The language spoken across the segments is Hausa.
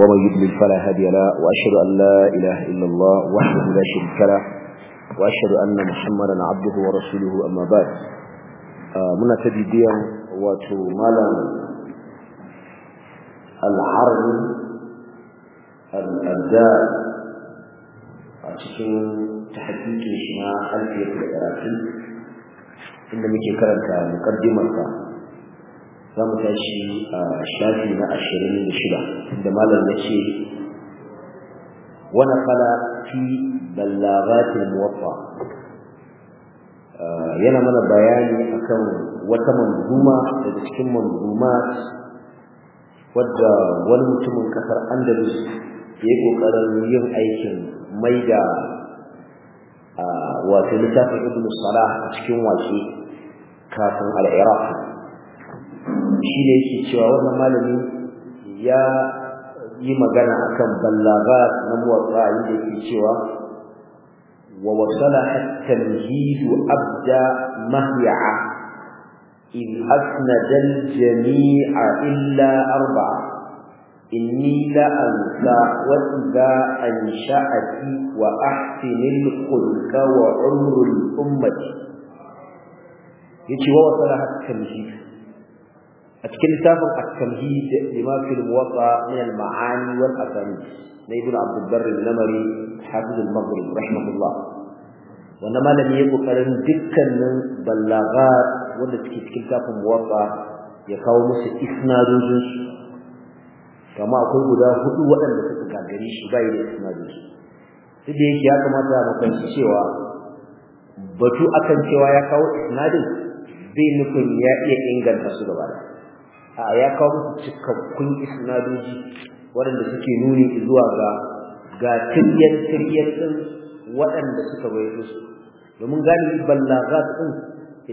ومن يضلل فلا هادي له واشهد ان لا اله الا الله وحده لا شريك له واشهد ان محمدا عبده ورسوله اما بعد آه، منا تديديا وتمالا العرض الابداع السن تحديد الاجماع خلفيه الاراضي عندما يجي كرنكا مقدمه za mu tashi a shafi na ashirin da shida da malam ya ce wani kala fi ballagatin muwaffa yana mana bayani akan wata manzuma daga cikin manzuma wadda wani mutumin kasar andalus ya yi yin aikin mai da wato littafin ibn salah a cikin wasu kafin al'iraq shi ne yake cewa wannan malami ya yi magana akan ballaga na muwatta inda yake cewa wa wasala at-tamhid abda mahya'a in asnada jamia illa arba'a إني لأنسى وإذا أنشأتي وأحسن الخلق وعمر wa يجي وصلها التمهيد a cikin littafin at da lima fi al-muwatta min al-ma'ani wal asanid na ibn abd al-barr al-lamari hafiz al-maghrib rahimahullah wannan malami ya kokarin dukkanin ballaghat wanda suke cikin littafin muwatta ya kawo musu isnadojin su akwai guda hudu waɗanda suka gagare shi bai da isnadojin su ya kamata mu cewa batu akan cewa ya kawo isnadin nufin ya iya inganta su gaba da a ya kawo musu cikakkun isnadoji waɗanda suke nuni zuwa ga ga tiryar tiryar din waɗanda suka bai su domin galibi ballaghat din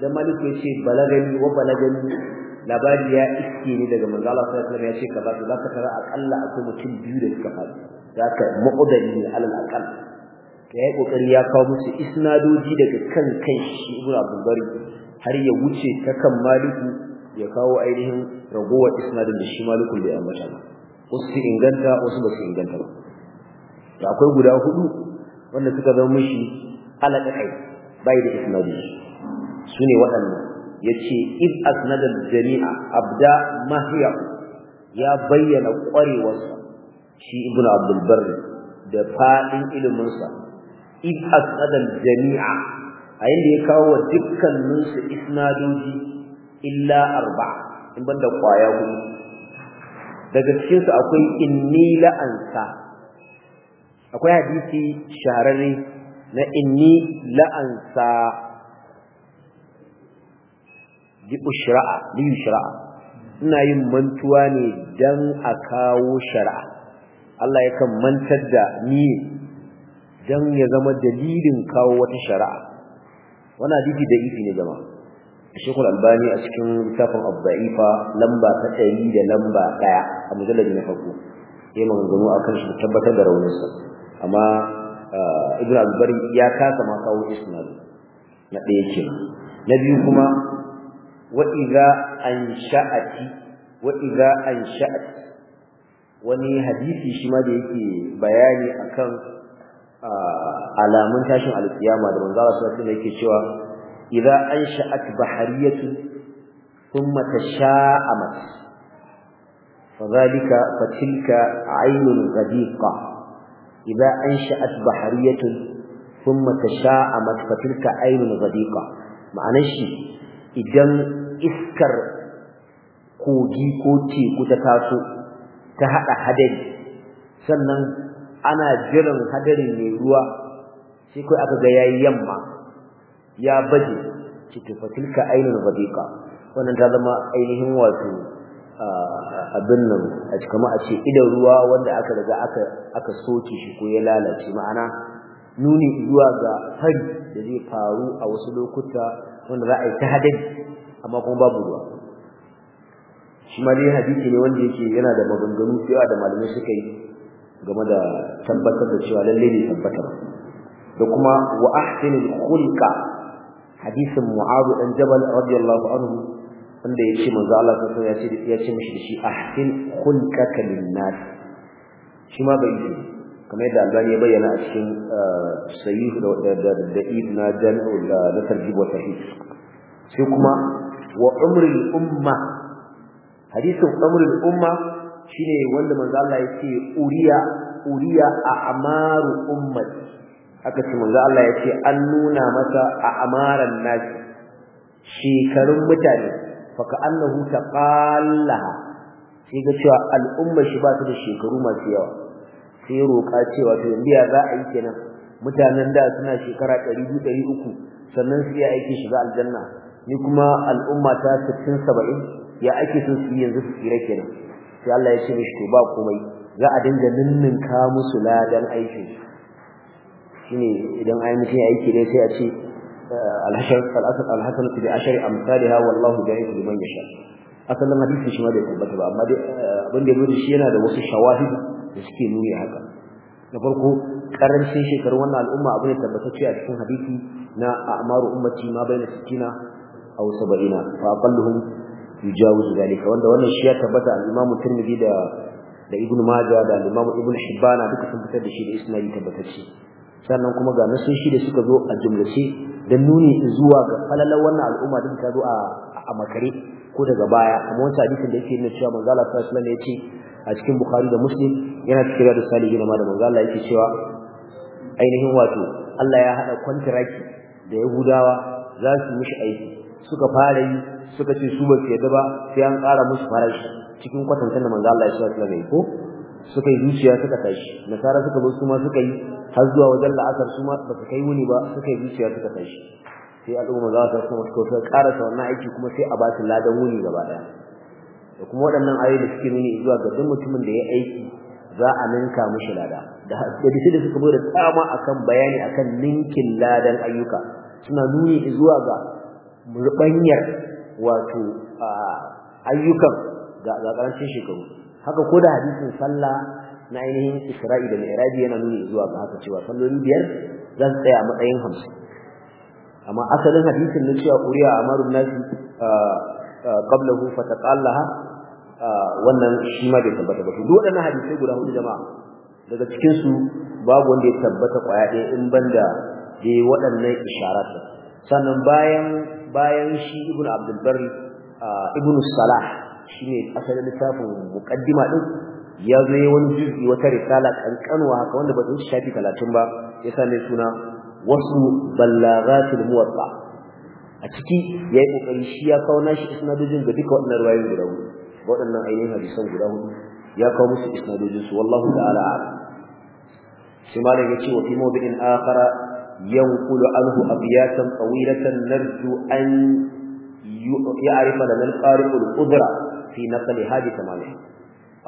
idan malik ya ce balagani wa balagani labari ya iske ne daga manzo Allah sallallahu alaihi wasallam ya ce ba su zaka tara akalla akwai mutum biyu da suka faɗi zaka muqaddari ne alal aqal Ya yi kokari ya kawo musu isnadoji daga kan kai shi Ibn Abdul Bari har ya wuce ta kan Maliku ya kawo ainihin ragowar isnadin da shi malikul bai ambata ba wasu su inganta wasu ba su inganta ba da akwai guda hudu wanda suka zama mishi alaƙa kai bai da isnadi su ne waɗannan ya ce id asnadar jami'a abda mahiya ya bayyana ƙwarewarsa shi ibn abdulbar da faɗin iliminsa id asnadar jami'a a yadda ya kawo wa dukkaninsu isnadoji illa arba in banda kwaya hudu daga cikin su akwai inni la'ansa akwai hadisi shahararre na inni la'ansa di ushra'a di ushra'a ina yin mantuwa ne dan a kawo shari'a Allah yakan mantar da ni dan ya zama dalilin kawo wata shari'a wannan hadisi da ifi ne jama'a Sheikh Al-Albani a cikin littafin Abdaifa lamba ta 100 da lamba ɗaya, a mujallad na farko yayin maganganu akan shi tabbatar da rauninsa amma Ibn Al-Bari ya kasa ma kawo isnad na ɗaya kenan na biyu kuma wa idza ansha'ati wa idza ansha'at wani hadisi shi ma da yake bayani akan alamun tashin alkiyama da manzo Allah sallallahu alaihi wasallam yake cewa idza ansha'at bahariyatun thumma tasha'amat fadhalika fatilka 'aynun ghadiqa idza ansha'at bahariyatun thumma tasha'amat fatilka 'aynun ghadiqa ma'anar shi idan iskar kogi ko teku ta taso ta hada hadari sannan ana jiran hadari mai ruwa sai kai aka ga yayi yamma ya baje cikin fatilka ainul wadiqa wannan ta zama ainihin wato abin nan a ma a ce idan ruwa wanda aka riga aka aka soke shi ko ya lalace ma'ana nuni zuwa ga hari da zai faru a wasu lokuta wanda za a yi ta hadari amma kuma babu ruwa shi ma dai hadisi ne wanda yake yana da maganganu cewa da malamai suka yi game da tabbatar da cewa lallai ne tabbatar. da kuma wa ahsinul khulqa hadisin mu'azu dan jabal radiyallahu anhu wanda ya ce manzo Allah sai ya ce ya ce mishi shi ahsin khulqaka linnas shi ma bai yi kamar yadda Albani ya bayyana a cikin uh, sahih da da da ibn jan'u da da tarjib sahih sai kuma wa umrul umma hadisin umrul umma shine wanda manzo Allah ya ce uriya uriya a'maru ummati aka ce manzo Allah ya ce an nuna masa a amaran nasi shekarun mutane fa ka annahu taqalla sai ga cewa al'umma shi ba su da shekaru masu yawa sai roƙa cewa to yanzu ya za a yi kenan mutanen da suna shekara ɗari 300 sannan su ya aiki shiga aljanna ni kuma al'umma ta 60 ya ake so su yanzu su tsira kenan sai Allah ya ce mishi to ba komai za a dinga ninninka musu ladan aikin shine idan ai mutum ya aiki ne sai a ce eh, alhashar al'asad alhasan bi ashari amsalha wallahu ya'ti liman yasha asalin hadisin shi ma bai tabbata ba amma dai eh, abin da yake shi yana da wasu shawahid da suke nuni haka Da farko karancin shekarun wannan al'umma abu ne tabbatacce a cikin hadisi na a'maru ummati ma baina 60 aw 70 fa aqalluhum yujawizu zalika wanda wannan shi ya tabbata al-Imam Tirmidhi da da Ibn Majah da al-Imam Ibn Hibban duka sun fitar da shi da isnadi tabbatacce sannan kuma ga nasoshi da suka zo a jumlace da nuni zuwa ga falalar wannan al'umma duk ta zo a makare ko daga baya amma wancan hadisin da yake nuna cewa manzo Allah sallallahu ya ce a cikin Bukhari da Muslim yana cikin da salihin ma da manzo Allah yake cewa ainihin wato Allah ya hada kwantiraki da Yahudawa za su mishi aiki suka fara yi suka ce su ba su yadda ba sai an ƙara musu farashi cikin kwatantan da manzo Allah ya sallallahu alaihi wasallam ko suka yi zuciya suka tashi nasara suka bar su ma suka yi har zuwa wajen la'asar su ma ba su kai wuni ba suka yi zuciya suka tashi sai al'umma za su kuma suka karasa wannan aiki kuma sai a ba su ladan wuni gaba ɗaya da kuma waɗannan ayoyi da suke nuni zuwa ga duk mutumin da ya aiki za a ninka mishi lada da hadisi da suka bude tsama akan bayani akan ninkin ladan ayyuka suna nuni zuwa ga rubanyar wato ayyukan ga ƙarancin shekaru haka ko da hadisin sallah na ainihin isra'i da mi'raji yana nuni zuwa ga haka cewa salloli biyar zan tsaya a matsayin hamsin amma asalin hadisin na cewa uriya amarun nasi qablahu fataqallaha wannan shi ma bai tabbata ba duk na hadisai guda hudu jama'a daga cikin su babu wanda ya tabbata kwaya ɗaya in banda da waɗannan isharat sannan bayan shi ibnu abdul bar ibnu salah shine asalin littafin muqaddima din ya zo yayin wani juz'i wata risala kankanwa haka wanda ba ta shafi 30 ba yasa mai suna wasu ballaghatul muwatta a ciki yayi kokari shi ya kawo nashi isnadojin ga duka waɗannan ruwayoyin guda hudu waɗannan ainihin hadisan guda hudu ya kawo musu isnadojin su wallahu ta'ala a'lam shi malam yace wa fi mawdi'in akhara ينقل عنه أبياتا طويلة نرجو أن يعرف لنا القارئ القدرة fi naqli hadith malik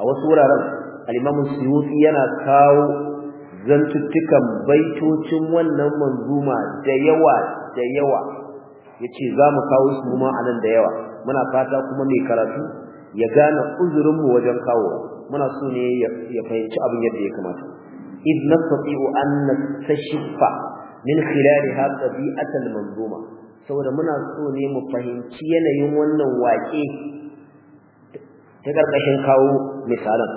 a wasu wuraren al-imam suyuti yana kawo zantuttukan baitocin wannan manzuma da yawa da yawa yace za mu kawo su mu anan da yawa muna fata kuma mai karatu ya gane uzurin mu wajen kawo muna so ne ya fahimci abin yadda ya kamata id nastati'u an nastashiffa min khilaliha tabi'atal manzuma saboda muna so ne mu fahimci yanayin wannan waƙe ta karkashin kawo misalan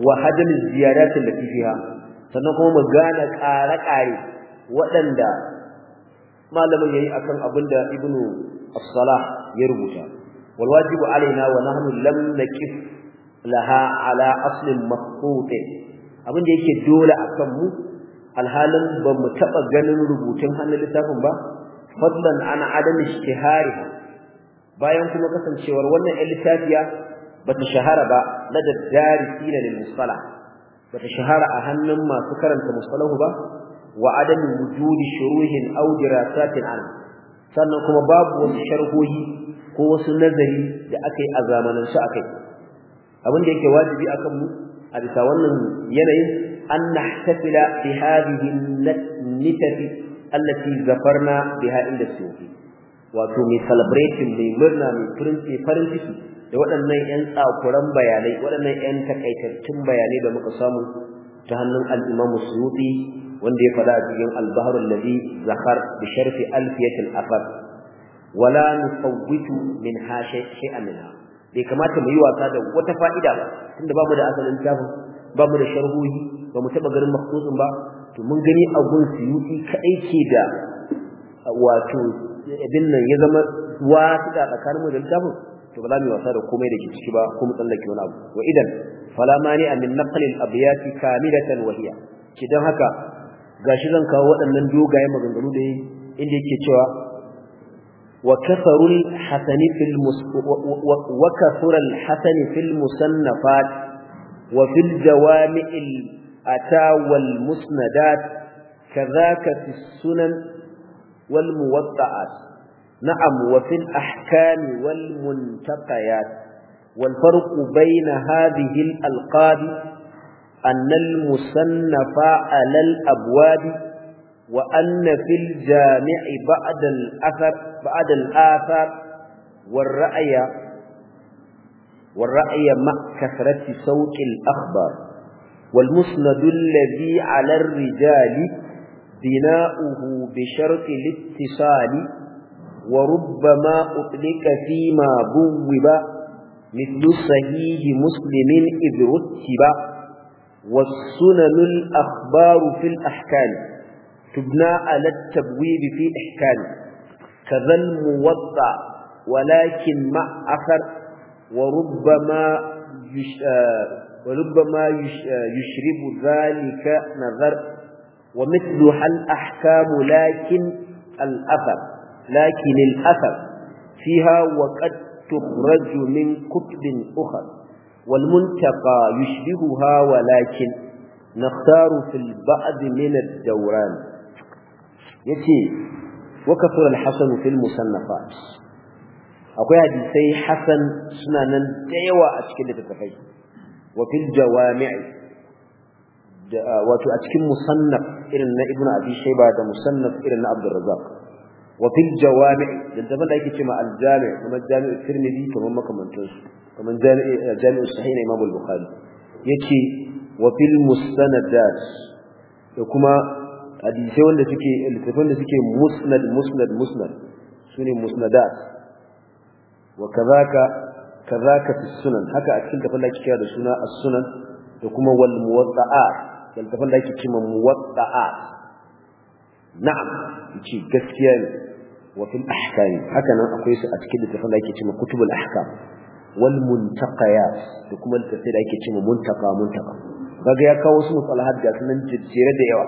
wa ziyara ziyadat allati fiha sannan kuma mu gane ƙare ƙare waɗanda malamin yayi akan abinda ibnu as-salah ya rubuta wal wajibu alaina wa nahnu lam nakif laha ala aslin maqut abinda yake dole akan mu alhalin ba mu taba ganin rubutun hannun littafin ba fadlan ana adam ishtihari bayan kuma kasancewar wannan littafiya bata shahara ba lada darisina lil musalla bata shahara a hannun masu karanta musallahu ba wa adam wujudi shuruhin aw dirasatin an sannan kuma babu wasu sharhohi ko wasu nazari da akai a zamanin su akai abin da yake wajibi akan mu a bisa wannan yanayin an nahtafila bi hadhihi an-nitati allati zafarna biha inda sufi wato mai celebrating mai murna mai furinci farin ciki da waɗannan ƴan tsakuran bayanai waɗannan 'yan takaitattun bayanai da muka samu ta hannun al'imamu suyuti wanda ya faɗa a cikin albaharul ladhi zakar bi sharfi alfiyatil afar wala nusawwitu min ha shay'an minha bai kamata mu yi wasa da wata fa'ida ba tunda bamu da asalin tafin bamu da sharhohi bamu taɓa garin mahfuzin ba to mun gani gun suyuti kaɗai ke da wato abin nan ya zama wasiƙa tsakanin mu da littafin to ba za mu yi wasa da komai da ke ciki ba ko mu tsallake wani abu wa idan fala mani a min naqli al abyati kamilatan wa hiya ki dan haka gashi zan kawo waɗannan dogaye maganganu da yi inda yake cewa wa kasarul hasani fil wa kasurul hasani fil musannafat wa fil jawami'il ata wal musnadat كذاك في السنن والموضعات نعم وفي الأحكام والمنتقيات والفرق بين هذه الألقاب أن المصنف على الأبواب وأن في الجامع بعد الأثر بعد الآثار والرأي والرأي مع كثرة سوق الأخبار والمسند الذي على الرجال بناؤه بشرط الاتصال وربما أطلق فيما بوب مثل صحيح مسلم إذ رتب والسنن الأخبار في الأحكام تبنى على التبويب في إحكام كذا الموضع ولكن مع أخر وربما يش... آه، وربما يش... آه، يشرب ذلك نظر ومثلها الأحكام لكن الأثر لكن الأثر فيها وقد تخرج من كتب أخر والمنتقى يشبهها ولكن نختار في البعض من الدوران يتي وكثر الحسن في المصنفات أقول سي حسن سنانا ديوى أشكلة التفايد وفي الجوامع wato آه، مصنف irin na ibnu abi shayba da musannaf irin na abdur razzaq wa fil jawami da zaman da yake cewa al jami' kuma jami'u tirmidhi kamar makamantan su kamar jami'u sahih na imam al bukhari yake wa fil mustanadat da kuma hadisai wanda suke littafin da suke musnad musnad musnad sune musnadat wa kadhaka kadhaka fi sunan haka a cikin tafalla kira da suna as sunan da kuma wal muwatta'at da littafin da ake cewa muwatta'at na'am yace gaskiya ne wa fil ahkam haka nan akwai su a cikin littafin da ake cimma kutubul ahkam wal muntaqayat da kuma littafin da ake cewa muntaqa muntaqa kaga ya kawo su har ga sunan jijjere da yawa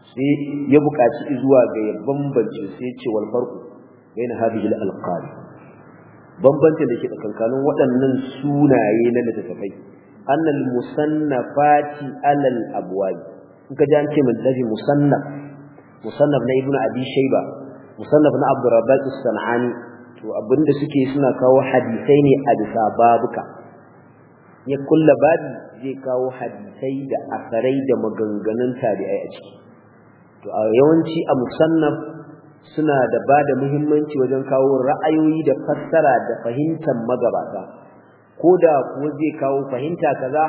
sai ya buƙaci zuwa ga ya bambance sai ya ce wal farqu bayna hadhihi al alqab bambancin da ke tsakankanin waɗannan sunaye na littafai annal musannafati alal abwab in ka ji an ce madafi musannaf na ibnu abi shayba musannaf na abdurrazzaq as-sanani to abinda suke suna kawo hadisai ne a bisa ya kulla babu zai kawo hadisai da asarai da maganganun tabi'ai a ciki to a yawanci a musannaf suna ba da muhimmanci wajen kawo ra'ayoyi da fassara da fahimtar magabata Koda kuma zai kawo fahimta kaza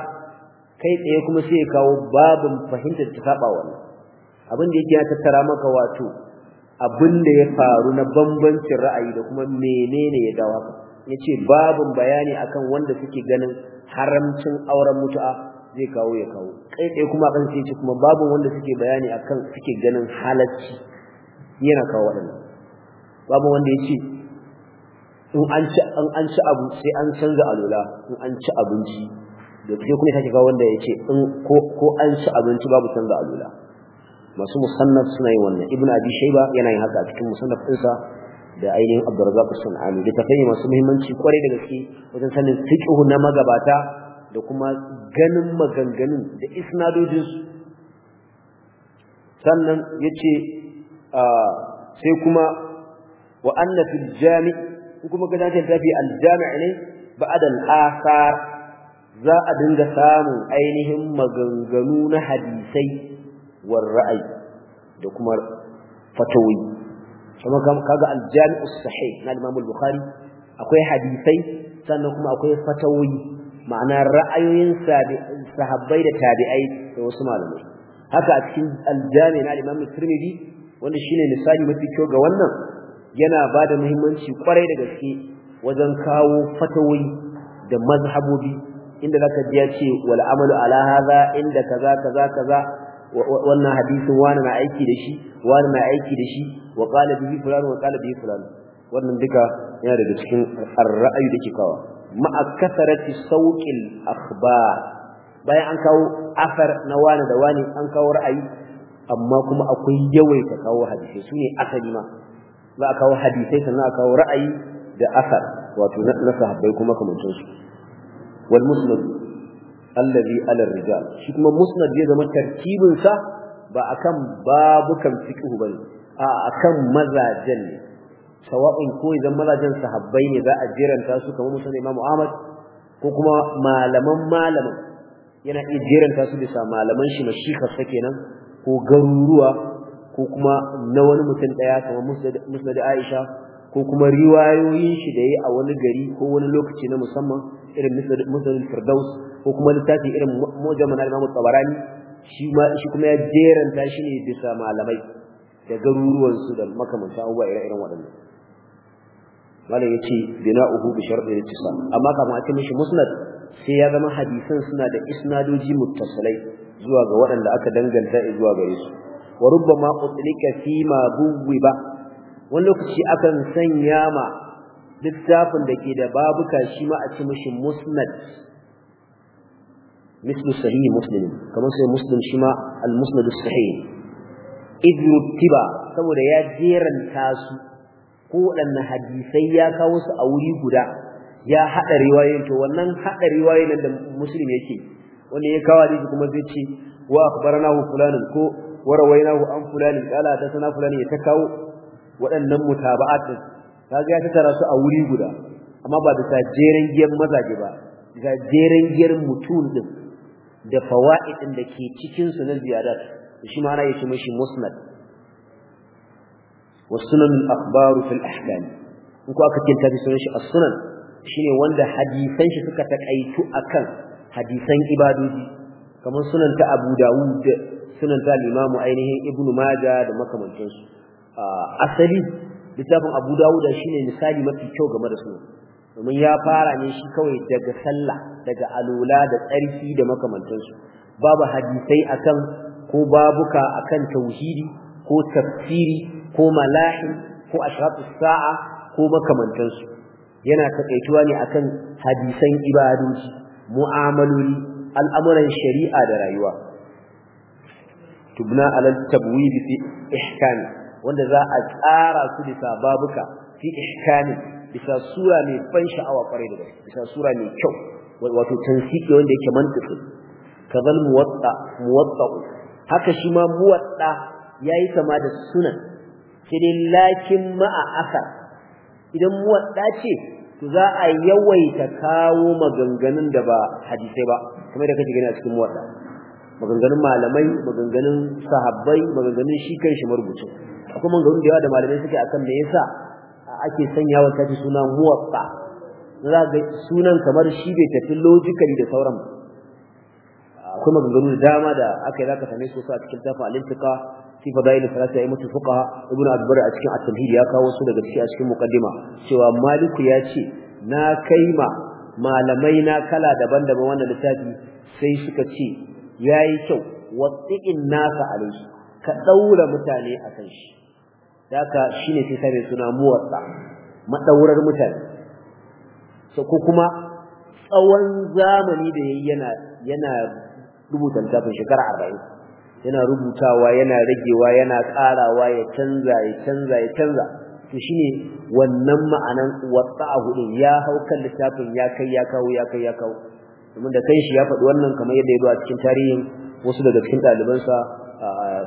kai tsaye kuma sai ya kawo babin fahimtar ta saba wannan abin da yake ya tattara maka wato abin da ya faru na bambancin ra'ayi da kuma menene ya dawo haka yace babin bayani akan wanda suke ganin haramcin auren mutu'a zai kawo ya kawo kai tsaye kuma kan sai ce kuma babin wanda suke bayani akan suke ganin halacci yana kawo waɗannan babu wanda yace in an ci an an ci abu sai an canza alola in an ci abinci da kuke kuma take ga wanda yake in ko ko an ci abinci babu canza alola masu musannaf suna yi wannan Ibn abi shayba yana yin haka a cikin musannaf ɗinsa da ainihin abdurrazzaq as-sunani littafai masu muhimmanci kwarai da gaske wajen sanin fiqh na magabata da kuma ganin maganganun da isnadojin su sannan yace ah, sai kuma wa anna jami' kuma ga zakin tafi aljami' ne ba'da al-athar za a dinga samu ainihin maganganu na hadisai war ra'ayi da kuma fatawi kuma kaga aljami' as-sahih na Imam al-Bukhari akwai hadisai sannan kuma akwai fatawi ma'ana ra'ayoyin sahabbai da tabi'ai da wasu malamai haka a cikin aljami' na Imam al-Tirmidhi wanda shine misali mafi kyau ga wannan yana ba da muhimmanci kwarai da gaske wajen kawo fatawoyi da mazhabobi inda zaka ji ya ce wal amalu ala hadha inda kaza kaza kaza wannan hadisin wani na aiki da shi wani na aiki da shi wa qala bihi fulan wa qala bihi fulan wannan duka yana daga cikin ar-ra'ayi da kawa ma'a kasarati sauqil akhbar bayan an kawo afar na wani da wani an kawo ra'ayi amma kuma akwai yawaita kawo hadisi sune asali ma za a kawo hadisai sannan a kawo ra'ayi da asar wato na sahabbai kuma kamancin su wal musnad allazi ala rijal shi kuma musnad ya zama tartibin sa ba akan babukan fiqh bane a akan mazajen ne sawa'un ko idan mazajen sahabbai ne za a jiranta su kamar musulmi Imam Ahmad ko kuma malaman malaman yana iya jiranta su bisa malaman shi mashikhar sa kenan ko garuruwa ko kuma na wani mutum daya kamar musnad Aisha ko kuma riwayoyin shi da yayi a wani gari ko wani lokaci na musamman irin musnad Firdaus ko kuma littafi irin Mujammal Imam Tabarani shi ma shi kuma ya jeranta shi ne bisa malamai da garuruwan su da makamanta abubuwa irin waɗannan malam yace uhu bi shartil ittisal amma kafin a ce mishi musnad sai ya zama hadisan suna da isnadoji muttasalai zuwa ga waɗanda aka danganta zuwa gare su wa rubbama utlika fi ma ba. wani lokaci akan sanya ma littafin da ke da babuka shi ma a ci mishi musnad muslim صحيح sai muslim shi ma al musnad sahih إذ رتب saboda ya jiran tasu ko wadanne hadisai ya kawo su a wuri guda ya hada riwayoyin to wannan hada riwayoyin da muslim yake wanda ya kawo hadisi kuma zai ce wa akhbaranahu fulanun ko wa an an fulan qala hadathana fulan ya takawo waɗannan mutaba'at din kaga ya tattara su a wuri guda amma ba da jeren giyan mazaje ba da jeren giyan mutum din da fawaid din da ke cikin su na ziyadat shi ma ana yake mishi musnad wa sunan al-akhbar fi al-ahkam in ku aka kinta bi sunan shi as-sunan shine wanda hadisan shi suka takaitu akan hadisan ibadoji kamar sunan ta Abu Dawud sunan ta limamu ainihin ibn maja da makamantansu asali littafin abu dawuda shine misali mafi kyau game da sunan domin ya fara ne shi kawai daga sallah daga alula da tsarki da makamantansu babu hadisai akan ko babuka akan tauhidi ko tafsiri ko malahi ko ashratus sa'a ko makamantansu yana takaituwa ne akan hadisan ibadoji mu'amaloli al'amuran shari'a da rayuwa tubna alal tabwid fi ihkami wanda za a tsara su bisa babuka fi ihkami bisa sura mai ban sha'awa kwarai da gaske bisa sura mai kyau wato tansiki wanda yake mantiki kazal muwatta muwatta haka shi ma muwatta yayi kama da sunan sai dai lakin a asar idan muwatta ce to za a yawaita kawo maganganun da ba hadisai ba kamar da kake gani a cikin muwatta maganganun malamai maganganun sahabbai maganganun shi kan shi marubuci akwai maganganun da yawa da malamai suke akan me yasa ake sanya wa tafi suna muwaffa za ga sunan kamar shi bai tafi logically da sauran akwai maganganu da dama da aka yi zaka same su a cikin tafa al-intiqa fi fadail salati ay mutu fuqaha ibn abdur a cikin at-tamhid ya kawo su daga cikin a cikin muqaddima cewa maliku ya ce na kaima malamai na kala daban-daban wannan littafi sai suka ce yayi kyau wasiqin nasa alaihi ka daura mutane akan shi daka shine sai sai suna muwatta madaurar mutane so ko kuma tsawon zamani da yayi yana yana rubuta littafin shekara 40 yana rubutawa yana ragewa yana karawa ya canza ya canza ya canza to shine wannan ma'anan watta'ahu din ya haukan littafin ya kai ya kawo ya kai ya kawo domin da kai shi ya faɗi wannan kamar yadda ya zo a cikin tarihin wasu daga cikin ɗalibansa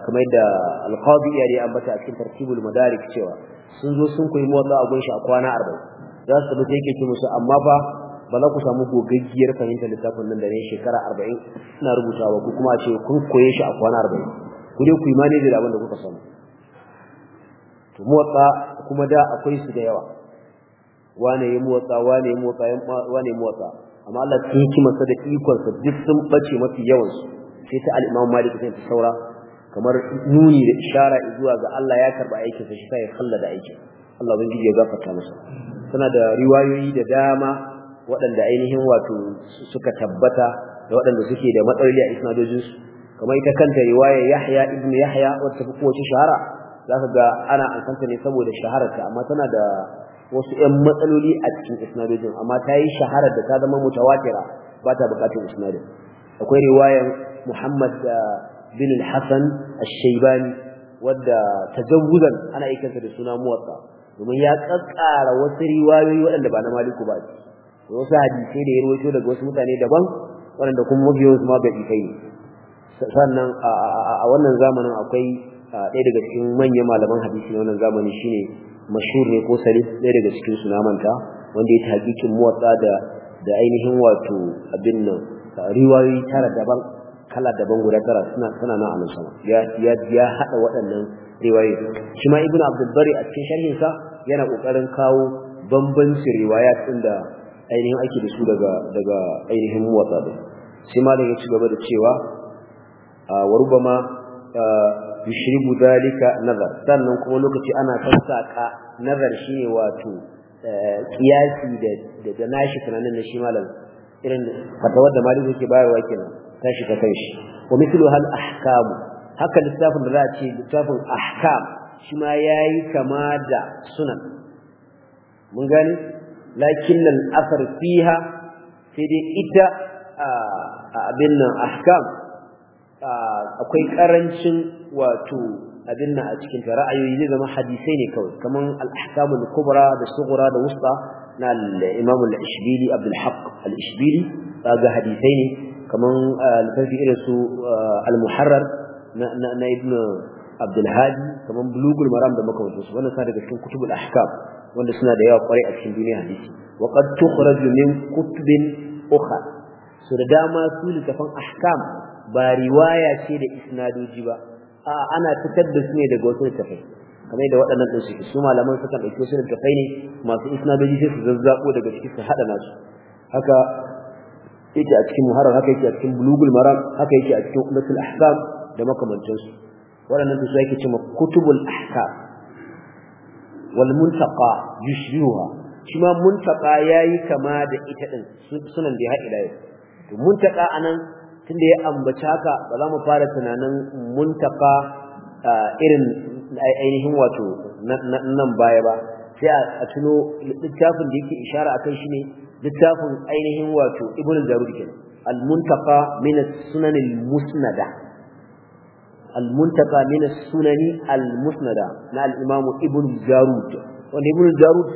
kamar yadda alqadi ya dai ambata a cikin tartibul madarik cewa sun zo sun koyi motsa a gunshi a kwana 40 za su tabbata yake ce musu amma fa ba za ku samu gogaggiyar fahimtar littafin nan da ne shekara 40 suna rubutawa ko kuma a ce kun koye shi a kwana 40 ku dai ku yi manage da abin da kuka samu to motsa kuma da akwai su da yawa wane ya motsa wane ya motsa wane ya motsa amma Allah ki hikimarsa da ikonsa duk sun bace mafi yawansu sai ta al Malik sai ta saura kamar nuni da ishara zuwa ga Allah ya karba aikin sa shi sai ya da aikin Allah ubangiji ya gafarta masa tana da riwayoyi da dama waɗanda ainihin wato suka tabbata da waɗanda suke da matsaloli a isnadojin su kamar ita kanta riwaya Yahya ibn Yahya wacce ta fi kowace shahara ka ga ana ansanta ne saboda shahararta amma tana da wasu 'yan matsaloli a cikin isnadojin amma ta yi shahara da ta zama mutawatira ba ta buƙatar isnadin akwai riwayar Muhammad eh, bin al-Hasan al-Shaybani wadda tajawuzan ana ikinsa da suna muwatta domin ya kakkara wasu riwayoyi waɗanda ba na Maliku ba ce wasu hadisai da ya rawaito daga wasu mutane daban waɗanda kuma mabiyan su ma bai kai sannan a wannan zamanin akwai eh, ɗaya daga cikin manyan malaman hadisi na wannan zamani shine mashhur ne ko salih ɗaya daga cikin su namanta wanda ya taqiqin muwatta da da ainihin wato abin nan riwayoyi tara daban kala daban guda tara suna suna nan a ya ya ya hada waɗannan riwayoyi shi ma ibnu abdul bari a cikin sharhin sa yana kokarin kawo bambanci riwaya, din da ainihin ake da su daga daga ainihin muwatta din shi ma da ya ci gaba da cewa wa rubama yushribu zalika nazar sannan kuma lokaci ana sassaka nazar shine wato eh, kiyasi da da nashi tunanin na shi malam irin fatawar da maliku yake bayarwa kenan tashi ta kai shi wa mithlu hal ahkam haka lissafin da za a ce littafin ahkam shi ma yayi kama da sunan mun gani. lakin al afar fiha sai dai ita a ah, abin nan ahkam ah, akwai karancin wato abin nan a cikin ra'ayoyi zai zama hadisai ne kawai kaman al-ahkamul kubra da sughra da wusta na al-imam al-ishbili abdul haq al-ishbili ga hadisai ne kaman al-fafi ah, irin su ah, al-muharrar na ibn abdul hadi kaman bulugul maram da makamantansu wannan sa daga cikin kutubul ahkam wanda suna da yawa kwarai a cikin duniya hadisi wa qad tukhraju min kutubin ukhra so da dama su littafan ahkam ba riwaya ce da isnadoji ba ana fitar da su ne daga wasu littafai kamar da waɗannan ɗin suke su malaman sukan ɗauki wasu littafai ne masu isnadoji sai su zazzaɓo daga ciki su haɗa nasu haka yake a cikin muharar haka yake a cikin bulugul maram haka yake a cikin ummatul ahkam da makamantansu waɗannan su yake cewa kutubul ahkam wal muntaqa yushbihuha shi ma muntaqa yayi kama da ita ɗin. sunan da ya ila yau to muntaqa anan tunda ya ambaci haka ba za mu fara tunanin muntaka irin ainihin wato nan baya ba sai a tuno littafin da yake ishara a akan shi ne littafin ainihin wato Ibn jarud ke. al-muntaka min as-sunan al-musnada al-muntaka min as-sunan al-musnada na al-imam Ibn jarud wanda Ibn jarud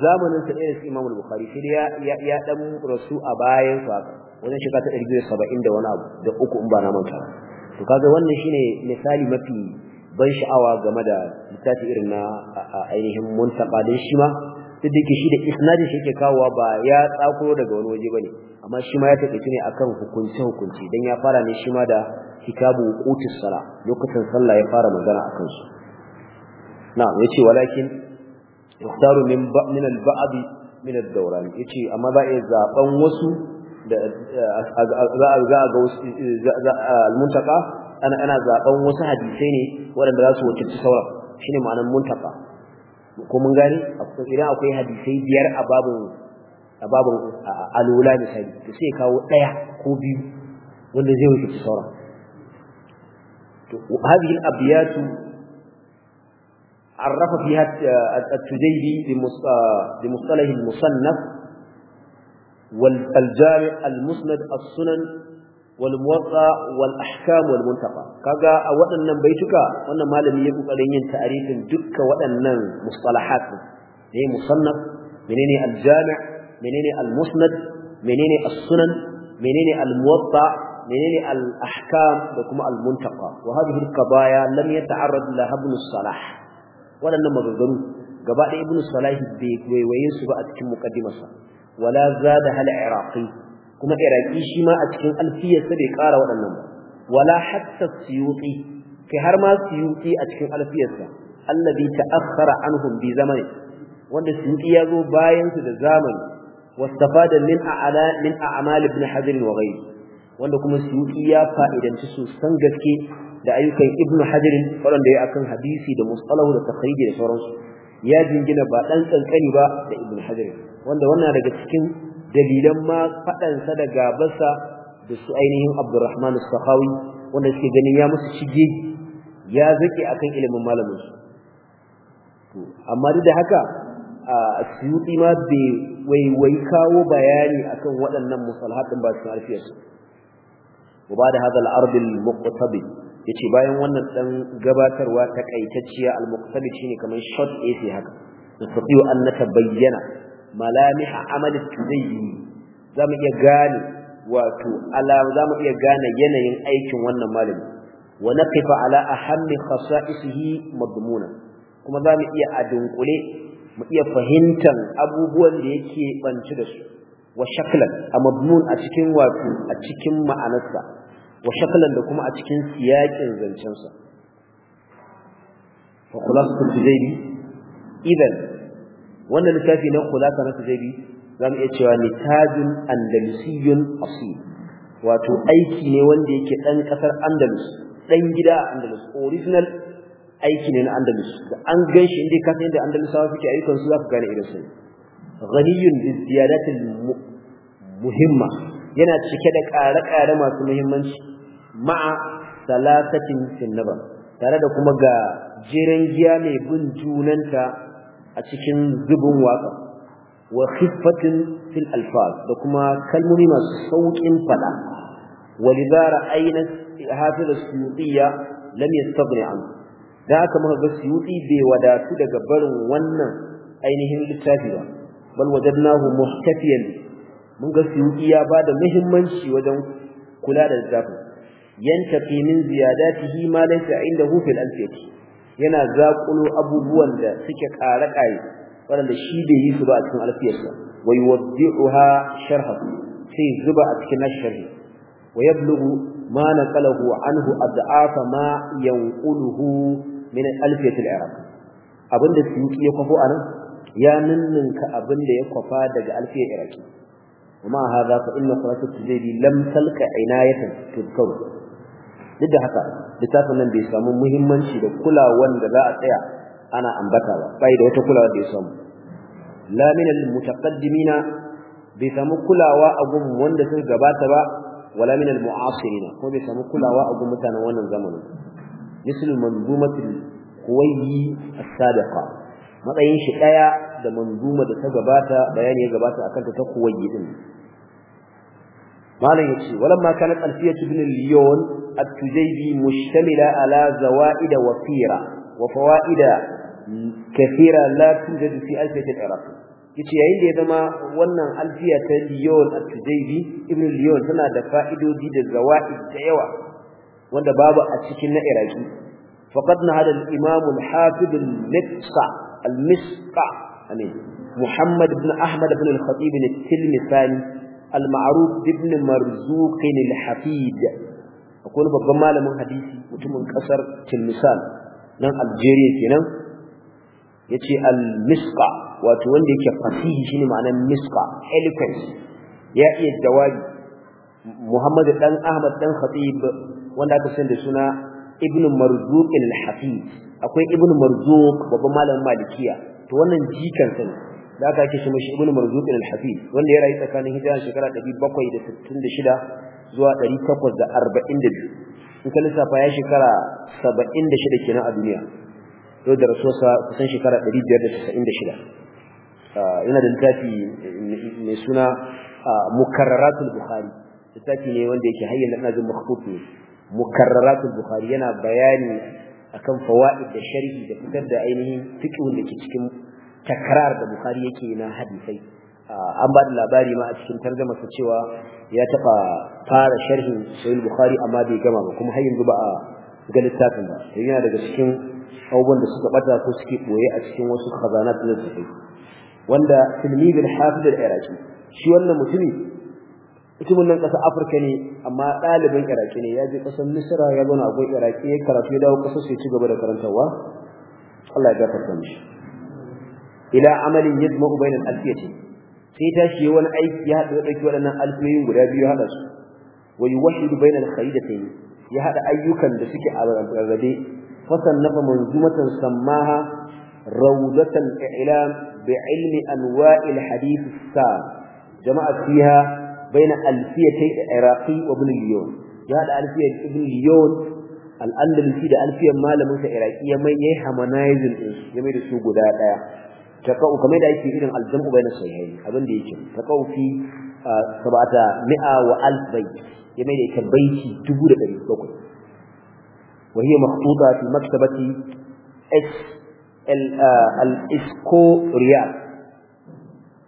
zamanin sa irin imam al-bukhari sai ya ya dan rasu a bayan sa wajen shekara ta ɗari saba'in wani abu da uku in ba na manta to kaga wannan shine misali mafi ban sha'awa game da littafi irin na ainihin muntaka din shi ma duk da shi da isnadin shi yake kawowa ba ya tsakuro daga wani waje bane amma shi ma ya take ne akan hukunci hukunci dan ya fara ne shi ma da kitabu qutus sala lokacin sallah ya fara magana akan na na'am yace walakin yuktaru min min al-ba'd min ad-dawran yace amma ba zaban wasu da za a ga wasu al-muntaka ana ana zaben wasu hadisai ne waɗanda za su wakilci sauran shine ma'anar muntaka ko mun gani idan akwai hadisai biyar a babin a babin alula misali to sai kawo ɗaya ko biyu wanda zai wakilci sauran to hadhihi al-abyatu عرف فيها التجيبي بمصطلح المصنف والجامع المسند السنن والموضع والأحكام والمنتقى كذا أولا بيتك وأنا ما لم يكن قليل تعريف دك وأنا مصطلحات هي مصنف منين الجامع منين المسند منين السنن منين الموضع منين الأحكام لكم المنتقى وهذه القضايا لم يتعرض لها ابن الصلاح ولا نمر الغروب قبائل ابن الصلاح بيوينسوا أتكم مقدمة wala zada hal Iraki, kuma iraqi shi ma a cikin alfiyarsa bai ƙara waɗannan ba wala hatta suyuti kai har ma suyuti a cikin alfiyarsa alladhi ta'akhkhara anhum bi zamani wanda suyuti ya zo bayan da zamani wastafada da a'ala min a'mal ibn hazm wa ghayri wanda kuma suyuti ya fa'idanci sosan gaske da ayyukan ibnu hazm waɗanda ya akan hadisi da musalahu da takhrij da sauransu ya jingina ba ɗan kankani ba da ibnu hazm wanda wannan daga cikin dalilan ma faɗansa da gabasa da su ainihin Abdurrahman al-Sakhawi wanda suke ganin ya musu shige ya zake akan ilimin malamin su to amma duk da haka Suyuti ma bai wai kawo bayani akan waɗannan musalahatin ba su harfiyar su wa ba da hadal arbil muqtabi yace bayan wannan dan gabatarwa takaitacciya al muqtabi shine kamar short essay haka nastati'u an natabayyana malamiha amalin tuzayyini za mu iya gane wato za mu iya gane yanayin aikin wannan malami wa naqifa ala ahammi khasa'isihi madmuna kuma za mu iya adunkule mu iya fahimtar abubuwan da yake banci da su wa shaklan a madmun a cikin wato a cikin ma'anarsa wa shaklan da kuma a cikin siyakin zancensa fa khulasatul su idan wannan littafi na khulasa na tujabi zamu iya cewa nitajun andalusiyun asil wato aiki ne wanda yake dan kasar andalus dan gida andalus original aiki ne na andalus da an ganshi inda ka san inda andalusawa suke ayyukan su zaka gane irin su ghaniyun bi ziyadatil muhimma yana cike da ƙare-ƙare masu muhimmanci ma'a salatatin sinnaba tare da kuma ga jiran giya mai bin junanta a cikin zubin waƙa wa khiffatin fil alfaz da kuma kalmomi masu sauƙin fada walidha ra'ayna hafiz as-suyutiya lam yastaghni an da aka maka ga suyuti bai wadatu daga barin wannan ainihin littafi ba bal wajadnahu muhtafiyan mun ga suyuti ya bada muhimmanci wajen kula da littafin yantafi min ziyadatihi ma laysa indahu fil alfiyati yana zaƙulo abubuwan da suke ƙare ƙare waɗanda shi bai yi su ba a cikin alfiyarsa wa yuwaddi'uha sharha sai zuba a cikin sharhi wa yablughu ma naqalahu anhu ad'afa ma yanquluhu min alfiyat al-iraq abinda suyuki ya kwafo anan ya ninninka abinda ya kwafa daga alfiyar iraki وما هذا فإن صلاة التجديد لم تلك عناية تذكر duk da haka littafin nan bai samu muhimmanci da kulawan da za a tsaya ana ambata ba bai da wata kulawa da ya samu la min al mutaqaddimina bai samu kulawa a gun wanda suka gabata ba wala min al mu'asirina ko bai samu kulawa a gun mutanen wannan zamanin misal manzumatul kuwayyi as-sadiqa matsayin shi daya da manzuma da ta gabata bayani ya gabata akan ta kuwayyi din malam yace walamma kanat alfiyatu bin al-liyon at-tujaybi mushtamila ala zawaida wa fira wa fawaid kathira la tujad fi alfiyat al-iraq yace yayin da ya zama wannan alfiya ta liyon at-tujaybi ibn liyon tana da fa'idodi da zawaid da yawa wanda babu a cikin na iraki faqad hada al-imam al-hafid al-misqa al-misqa amin Ahmad بن أحمد بن الخطيب التلمساني al-ma'ruf ibn marzuq al-hafid akwai babban malamin hadisi mutumin kasar Tilmisan nan Algeria kenan yace al-misqa wato wanda yake fasihi shine ma'anar Miska, eloquence ya iya jawabi Muhammad dan Ahmad ɗan Khatib wanda aka san da suna Ibn Marzuq al-Hafiz akwai Ibn Marzuq babban malamin Malikiya to wannan jikan sa da aka ake shi mashi ibnu marzuq al-hafiz wanda ya rayu tsakanin hijira shekara 766 zuwa 842 in ka lissafa ya shekara 76 kenan a duniya to da rasuwarsa kusan shekara 596 ah, yana da littafi mai suna ah, mukarraratul bukhari littafi ne wanda yake hayyana ina jin makhfut ne mukarraratul bukhari yana bayani akan fawaid da sharhi da fitar da ainihin fiqhun da ke cikin takrar da Bukhari yake na hadisai an ba da labari ma a cikin tarjuma su cewa ya taba fara sharhin sahih Bukhari amma bai gama ba kuma har yanzu ba a ga littafin ba yana daga cikin abubuwan da suka bata ko suke boye a cikin wasu khazanat da zai wanda tilmid al-hafiz al-iraqi shi wannan mutumi mutumin nan kasar Afirka ne amma ɗalibin Iraki ne ya je kasar Misra ya zauna a gurin Iraki ya karatu ya dawo kasar sai ci gaba da karantawa Allah ya gafarta mishi ila amalin yajma'u bainal alfiyati sai ta shi wani aiki ya hada dauki wadannan alfiyoyin guda biyu hada su wa yuwahhidu bainal khaydatayn ya hada ayyukan da suke a rarrabe nafa manzumatan sammaha rawdatan i'lam بعلم أنواع الحديث السام جمعت فيها بين ألفيتي العراقي وابن اليون هذا ألفية ابن اليون al'andalusi da alfiyan malamin sa ya mai yayi harmonizing din su game da su guda daya taqau kamar da yake irin aljamu bayna sahihain abin da yake taqau fi ah, sabata mi'a wa alf bayt ya mai da ita baiti 1700 وهي مخطوطة في مكتبة اس الاسكوريال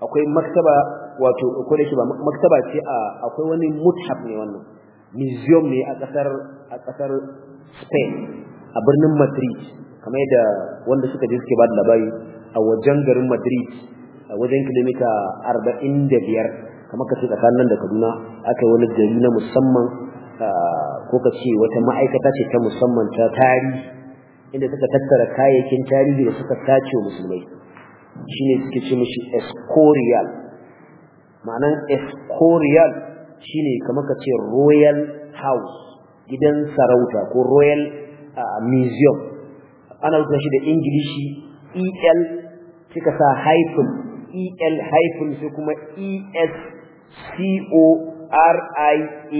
akwai maktaba wato ko da shi ba maktaba ce a akwai wani muthab ne wannan museum ne a kasar a kasar Spain a birnin Madrid kamar yadda wanda suka je suke ba da labari a wajen garin Madrid a wajen kilomita 45 kamar ka ce tsakanin da Kaduna aka yi wani gari na musamman ko ka ce wata ma'aikata ce ta musamman ta tarihi inda suka tattara kayayyakin tarihi da suka tace musulmai shine suke ce mishi Escorial ma'anan Escorial shine kamar ka ce Royal House gidan sarauta ko Royal Museum ana rubuta shi da Ingilishi EL kika sa hyphen el hyphen sai kuma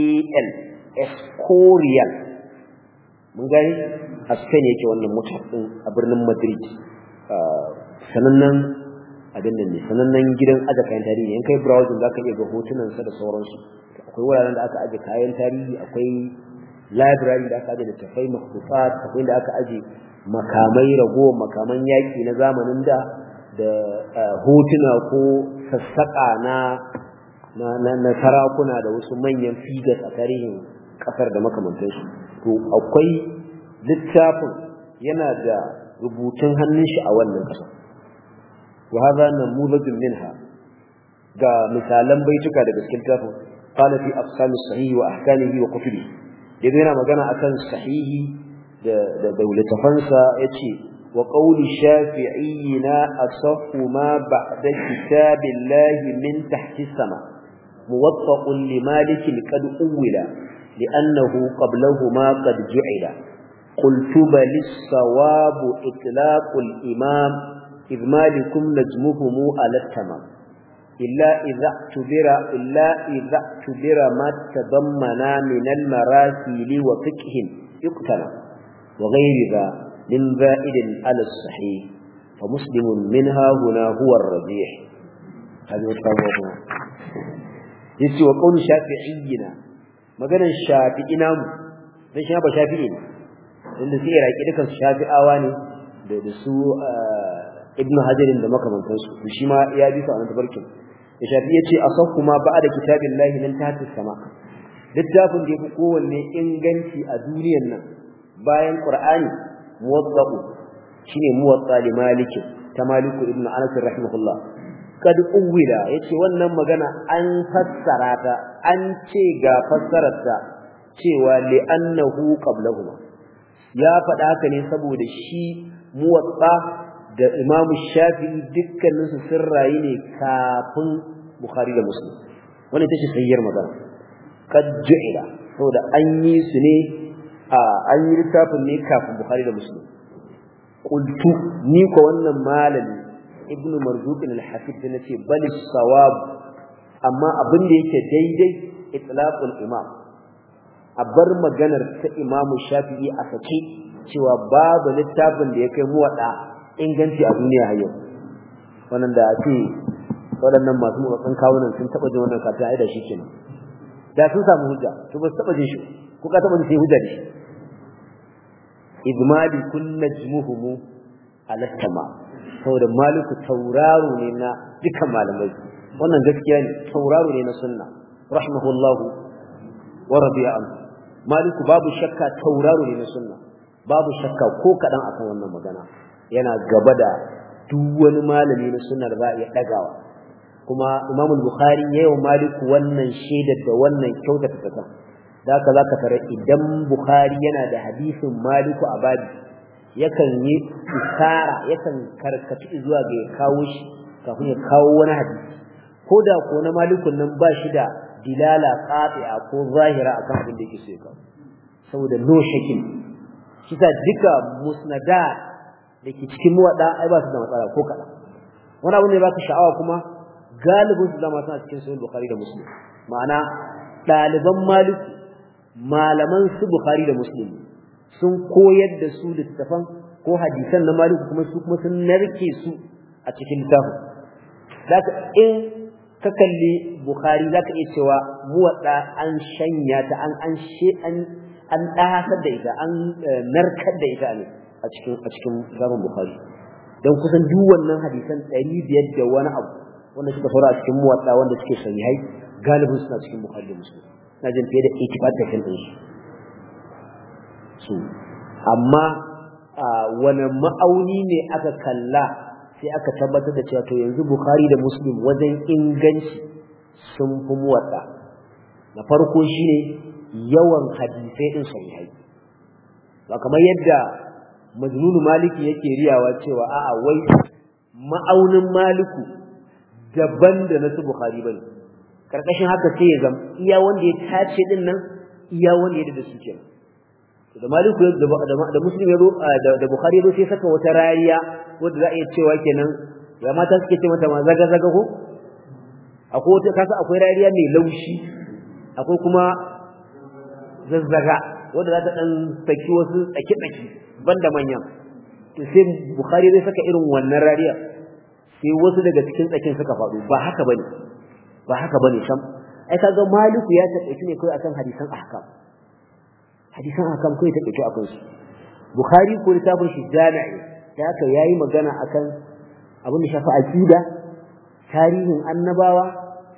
escorial escorial mun gani a spain yake wannan mutum a birnin madrid ah, sanannen abin da ne sanannen gidan aje kayan tarihi in kai browsing za ka iya ga hotunansa da sauransu akwai wuraren da aka aje kayan tarihi akwai library da aka aje da tafai makhtufat akwai da aka aje makamai ragowar makaman yaki na zamanin da da hotuna ko sassaƙa na na sarakuna da wasu manyan figas a tarihin ƙasar da makamantansu to akwai littafin yana da rubutun hannun shi a wannan ƙasa wa hadha namuzajun minha ga misalan baituka daga cikin littafin qala fi aqsami sahihi wa ahkamihi wa kutubi yanzu yana magana akan sahihi da da littafansa ce. وقول شافعينا أصف ما بعد كتاب الله من تحت السماء موطق لمالك قد أولا لأنه قبلهما قد جعل قلت بل الصواب إطلاق الإمام إذ مالكم نجمهم على التمام إلا إذا اعتبر إلا إذا اعتبر ما تضمنا من المراسل وفقه يقتنى وغير ذا min za'idin ala sahih fa muslimun min ha huna huwa ar-rajih hadi sabo ko yace wa qawl shafi'iyina maganar shafi'ina mu dan shi ba shafi'i ne inda sai iraki dukan shafi'awa ne da da su ibnu hajarin da makamantansu shi ma ya bi su a nan tabarkin shafi yace asakku ma da kitabillahi nan ta littafin da yafi kowanne inganci a duniyar nan bayan ƙur'ani. muwadda'u shine muwadda li maliki ta maliku ibn anas rahimahullah kad uwila yace wannan magana an fassara ta an ce ga fassarar ta cewa li annahu qablahuma ya faɗa haka ne saboda shi muwadda da imam shafi'i dukkanin su sun rayu ne kafin bukhari da muslim wannan tace sayyar magana kad ju'ila saboda an yi su ne an yi littafin ne kafin bukhari da muslim Ƙuntu ni ko wannan malami Ibn marzuq al-hafiz da nace bal sawab amma abin da yake daidai itlaqul imam a bar maganar ta imam shafi'i a sake cewa babu littafin da ya kai mu inganci a duniya har yau wannan da ake waɗannan masu motsin kawunan sun taɓa jin wannan kafin aida shi kenan da sun samu hujja to ba su taɓa jin shi ko ka taɓa jin shi hujja ne idmali kun najmuhum ala sama saboda maliku tauraro ne na dukan malamai wannan gaskiya ne tauraro ne na sunna rahimahullah wa radiya an maliku babu shakka tauraro ne na sunna babu shakka ko kadan akan wannan magana yana gaba da duk wani malami na sunna da za a iya dagawa kuma imamul bukhari yayin maliku wannan shaidar da wannan kyautata ta da haka zaka tare idan bukhari yana da hadisin maliku abadi yakan yi isara yakan karkata zuwa ga ya kawo shi kafin ya kawo wani hadisi ko da ko na malikun nan ba shi da dilala qati'a ko zahira akan abin da yake so ya kawo saboda no shakin ta duka musnada da ke cikin muwaɗa ai ba su da matsala ko kada. wani abu ne ba ka sha'awa kuma galibin su zama suna cikin sahih bukhari da muslim ma'ana ɗaliban maliki malaman su bukhari da muslim sun koyar da su littafan ko hadisan na Malik kuma su kuma sun narke su a cikin littafin zaka in ka kalli bukhari zaka iya cewa muwadda an shanya ta an an she an an dahasar da ita an eh, narkar da ita ne a cikin a cikin zaman bukhari dan kusan duk wannan hadisan 500 da wani abu wanda suka fara a cikin muwadda wanda suke sahihai galibin suna cikin bukhari da muslim na fiye da kan ɗin su amma wani ma'auni ne aka kalla sai aka tabbatar da cewa to yanzu bukhari da muslim wajen inganci sun fi muwatsa na farko shi ne yawan hadisai ɗin sahihai ba kamar yadda majnunu maliki yake riyawa cewa a'a wai ma'aunin maliku daban da na su bukhari bane karkashin haka sai ya zama iya wanda ya tace din nan iya wanda ya da su da maliku da da muslim ya da bukhari ya sai saka wata rariya wanda za a iya cewa kenan ya mata suke ce mata ma zaga zaga ko akwai wata kasa akwai rariya mai laushi akwai kuma zazzaga wanda za ta dan saki wasu tsaki tsaki da manyan to sai bukhari zai saka irin wannan rariya sai wasu daga cikin tsakin suka faɗo ba haka ba ne. ba haka bane sam ai kaga maliku ya taƙaice ne kai akan hadisan ahkam hadisan ahkam kai taƙaice akan bukhari ko littafin shi jami'i da yayi magana akan abin da shafi aqida tarihin annabawa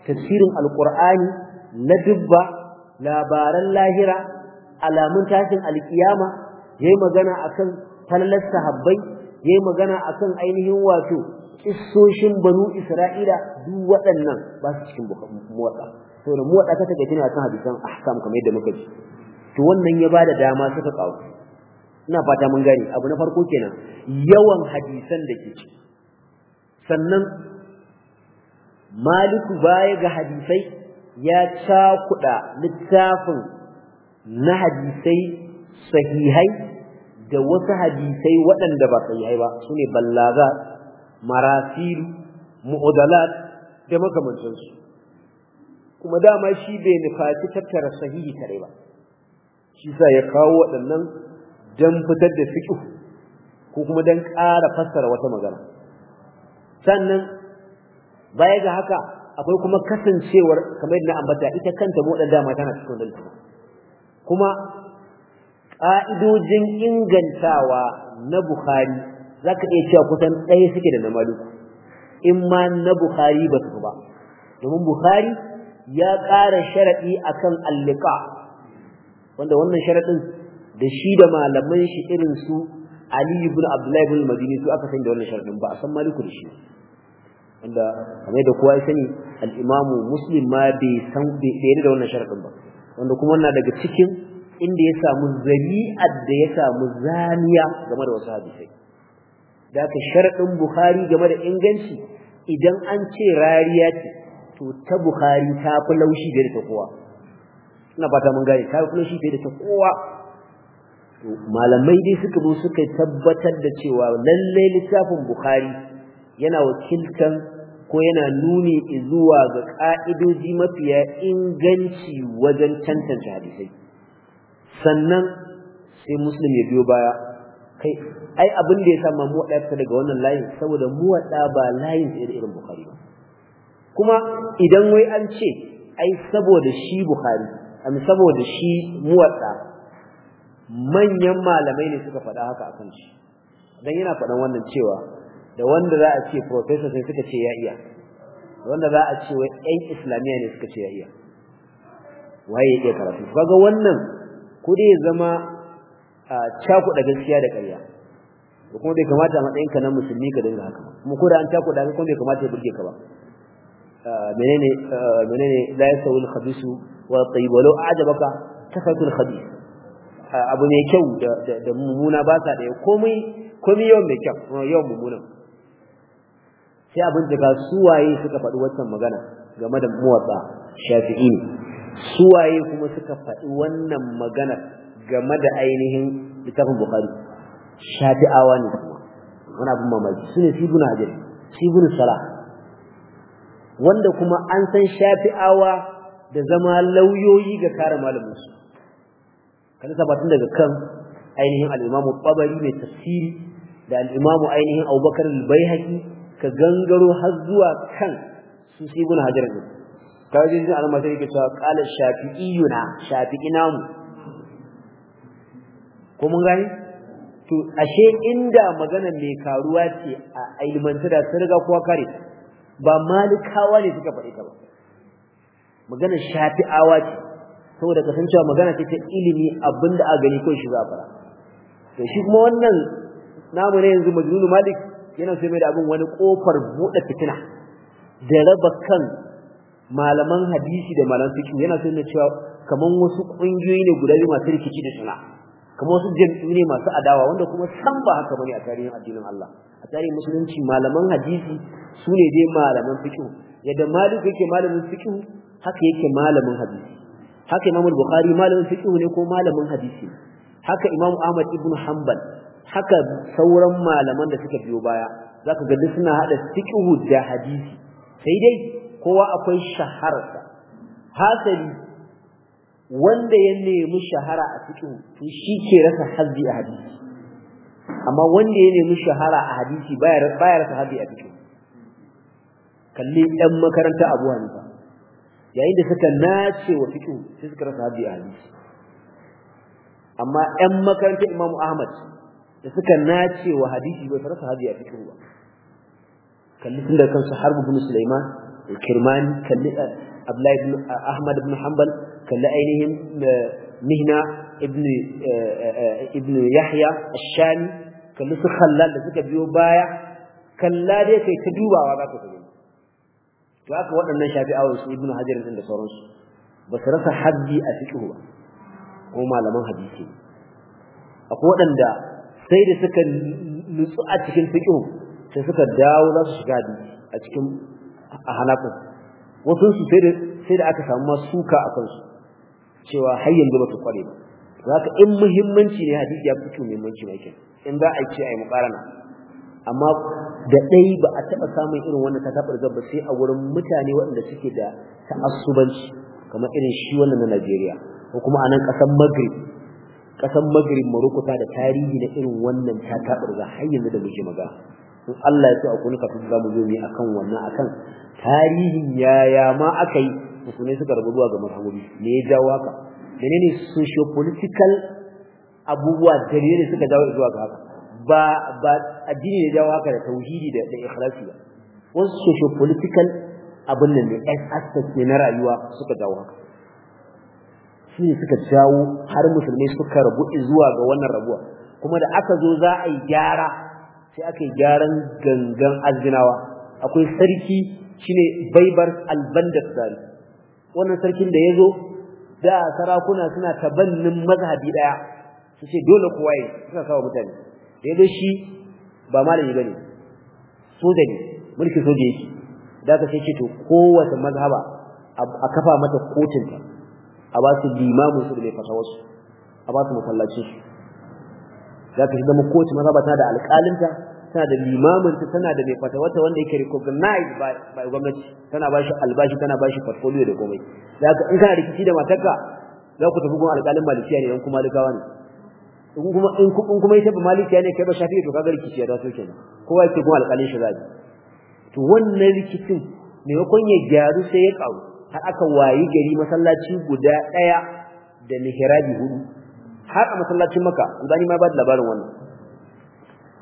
tafsirin alqur'ani dubba, labaran lahira alamun tashin alkiyama yayi magana akan talalar sahabbai yayi magana akan ainihin wato kissoshin banu isra'ila duk waɗannan ba su cikin muwaɗa da muwaɗa ta take tana kan hadisan ahkam kamar yadda muka ji to wannan ya bada dama suka kawo ina fata mun gani, abu na farko kenan yawan hadisan da ke ci sannan maliku baya ga hadisai ya cakuɗa littafin na hadisai sahihai da wasu hadisai waɗanda ba sahihai ba su ne ballaga marasil mu'udalat da makamantansu kuma dama shi bai nufaci tattara sahihi kare ba shi sa ya kawo waɗannan don fitar da fiƙi ko kuma don ƙara fassara wata magana sannan baya ga haka akwai kuma kasancewar kamar yadda ambata ita kanta moɗa dama tana cikin dalilin kuma ƙa'idojin ingantawa na Bukhari za ka iya cewa kusan ɗaya suke da na maluku in ma na bukhari ba su ba domin bukhari ya ƙara sharaɗi akan allika wanda wannan sharaɗin da shi da malaman shi irin su ali ibn abdullahi ibn madini su aka san da wannan sharaɗin ba a san maliku da shi wanda kamar da kowa ya sani al'imamu muslim ma bai san bai yarda da wannan sharaɗin ba wanda kuma wannan daga cikin inda ya samu zari'ar da ya samu zaniya game da wasu hadisai da sharadin Bukhari game da inganci idan an ce rariya ce to ta Bukhari ta fi laushi da ta kowa ina fata mun gane ta fi laushi da ta kowa to malamai dai suka zo suka tabbatar da cewa lalle littafin Bukhari yana wakiltan ko yana nuni zuwa ga ka'idoji mafiya inganci wajen tantance hadisai sannan sai muslim ya biyo baya kai ai abin da ya sa mu muwaɗa ta daga wannan layin saboda mu wada ba layin sai da irin bukhari ba kuma idan wai an ce ai saboda shi bukhari am saboda shi muwaɗa manyan malamai ne suka faɗa haka akan shi dan yana faɗan wannan cewa da wanda za a ce professor sai suka ce ya iya wanda za a ce wai ɗan islamiyya ne suka ce ya iya waye ya iya karatu kaga wannan ku dai zama a cakuɗa gaskiya da ƙarya da kuma bai kamata a matsayin ka na musulmi ka dinga haka kuma ko da an cakuɗa ka kuma bai kamata ya burge ka ba menene menene la yasawu al-khabisu wa at-tayyib walau a'jabaka kafatu al-khabis abu mai kyau da mummuna ba sa ɗaya komai komai yawan mai kyau yawan mummunan sai abin da su suwaye suka faɗi wannan magana game da muwatsa shafi'i suwaye kuma suka faɗi wannan maganar game da ainihin littafin bukhari shafi'awa ne kuma wani abin mamaki su ne sibin hajar sibin salah wanda kuma an san shafi'awa da zama lauyoyi ga kare malaminsu kan sabatun daga kan ainihin al'imamu ɓabari mai tafsiri da al'imamu ainihin abubakar albayhaki ka gangaro har zuwa kan su sibin hajar ne kawai zai zai alamar sai yake cewa ƙalar shafi'iyuna mu. ko mun gani? to ashe inda magana mai karuwa ce a ilmanta da riga kowa kare ba malikawa ne suka faɗi ta ba magana shafi'awa ce saboda kasancewa magana ce ta ilimi abinda a gani ko shi za fara to shi kuma wannan namu ne yanzu majnunu malik yana sai mai da abin wani kofar buɗe fitina da raba kan malaman hadisi da malaman fiqh yana sai cewa kaman wasu ƙungiyoyi ne guda biyu masu rikici da suna kamar wasu jami'u ne masu adawa wanda kuma san ba haka bane a tarihin addinin Allah a tarihin musulunci malaman hadisi su ne dai malaman fiqh yadda maliki yake malamin fiqh haka yake malamin hadisi haka imamu bukhari malamin fiqh ne ko malamin hadisi haka imamu ahmad ibn hanbal haka sauran malaman da suka biyo baya zaka ga duk suna hada fiqh da hadisi sai dai kowa akwai shaharsa hasali wanda ya nemi shahara a cikin to shi ke rasa hazzi a hadisi amma wanda ya nemi shahara a hadisi baya rasa hazzi a cikin kalli ɗan makaranta abu hanifa yayin da suka nace wa fiqh sai suka rasa hadisi a hadisi amma ɗan makaranta imam ahmad da suka nace wa hadisi bai rasa hadisi a cikin ba kalli tun da kansu harbu bin sulaiman kirmani kalli eh, abdullahi ibn eh, ahmad ibn hanbal kalli ainihin mihna ibn yahya ashami kalli su khallal da suka biyo baya kalla dai ta dubawa za ka gani to haka waɗannan shafi'awar su ibn hajar din da sauransu ba su rasa haddi a fiqhu ba ko malaman hadisi akwai waɗanda sai da suka nutsu a cikin fiqhu dawo za su shiga a halakun su sai da aka samu masuka a kansu cewa har yanzu ba su kware ba zaka in muhimmanci ne hadisi ya fito muhimmanci mai in za a ce ai mukarana amma da dai ba a taba samun irin wannan ta tabar ba sai a wurin mutane waɗanda suke da ta'assubanci kamar irin shi wannan na Najeriya ko kuma a nan ƙasar Maghrib ƙasar Maghrib Morocco ta da tarihi na irin wannan ta tabar zan, har yanzu da muke magana in Allah ya so a kafin zamu zo mu akan wannan akan tarihin yaya ma aka yi musulmai suka rabu zuwa ga mazhabobi me ya jawo haka menene socio-political abubuwa dalilai suka jawo zuwa ga haka ba ba addini ne ya jawo haka da tauhidi da da ikhlasi ba wasu sociopolitical abun abin nan ne aspect ne na rayuwa suka jawo haka shi suka jawo har musulmai suka rabu zuwa ga wannan rabuwa kuma da aka zo za a yi gyara sai aka yi gyaran gangan azinawa akwai sarki shine baibar albandar zari wannan sarkin da yazo da sarakuna suna tabannin mazhabi daya su ce dole kowa yi suka kawo mutane da yazo shi ba malami bane soja ne mulki soja yake da ka sai ce to kowace mazhaba a kafa mata kotunta a ba su limamu su da mai fatawarsu a ba su masallacin su za ka shi zama kowace mazhaba tana da alƙalinta tana da limamin ta tana da mai fatawata wanda yake recognize by by gwamnati tana bashi albashi tana bashi portfolio da komai zaka in kana rikici da matarka za ku tafi gun alƙalin malikiya ne dan kuma likawa ne in kuma in kuma ita ba malikiya ne kai ba shafi to kaga rikici ya taso kenan kowa yake gun alƙalin shi zabi to wannan rikicin ko ya gyaru sai ya kawo har aka wayi gari masallaci guda daya da mihrabi hudu har a masallacin maka gudani ma ba da labarin wannan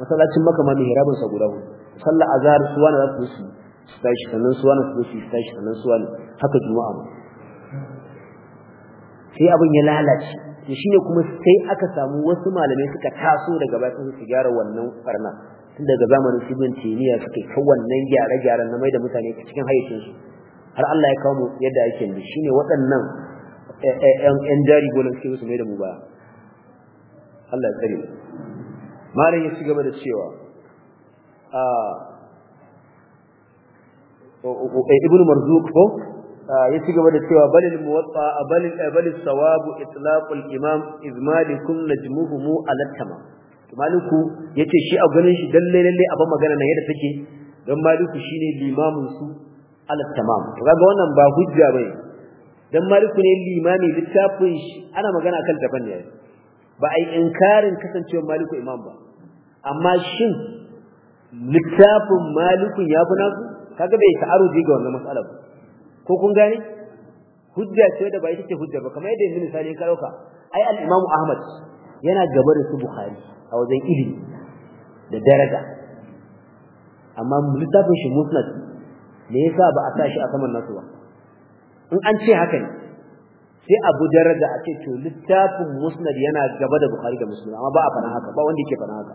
masallacin maka ma mihrabin sa guda hudu sallar azhar suwa na su su tashi sannan suwa na su su tashi sannan suwa ne haka juma'a ma sai abin ya lalace to shine kuma sai aka samu wasu malamai suka taso daga bakin su gyara wannan farna tun daga zamanin Ibn Taymiyyah suka kai wannan gyare-gyaren na mai da mutane cikin hayyacin su har Allah ya kawo mu yadda yake ne shine waɗannan ƴan eh, eh, jari gonan suke su mai da mu ba Allah ya tsare mu malam ya ci gaba da cewa ah, eh, ibn marzuq ko ah, ya ci gaba da cewa balil muwatta balil eh, balil sawabu itlaqul imam izmalikum najmuhum ala tamam maliku yace shi a ganin shi dalle lalle a ban magana na yadda take dan maliku shine limamin su ala tamam to kaga wannan ba hujja bane dan maliku ne limami littafin shi ana magana kan tafan ne ba a yi inkarin kasancewar maliku imam ba amma shin littafin malikun ya fi naku kaga bai aro ga wannan matsalar ko kun gane hujja ce da ba ita ce hujja ba kamar yadda yanzu misali in karauka ai al-imamu ahmad yana gaba da su bukhari a wajen ilimi da daraja amma littafin shi musnad me yasa ba a sa shi a saman nasu ba in an ce haka ne sai abu daraja a ce to littafin musnad yana gaba da bukhari da muslim amma ba a fara haka ba wanda yake fara haka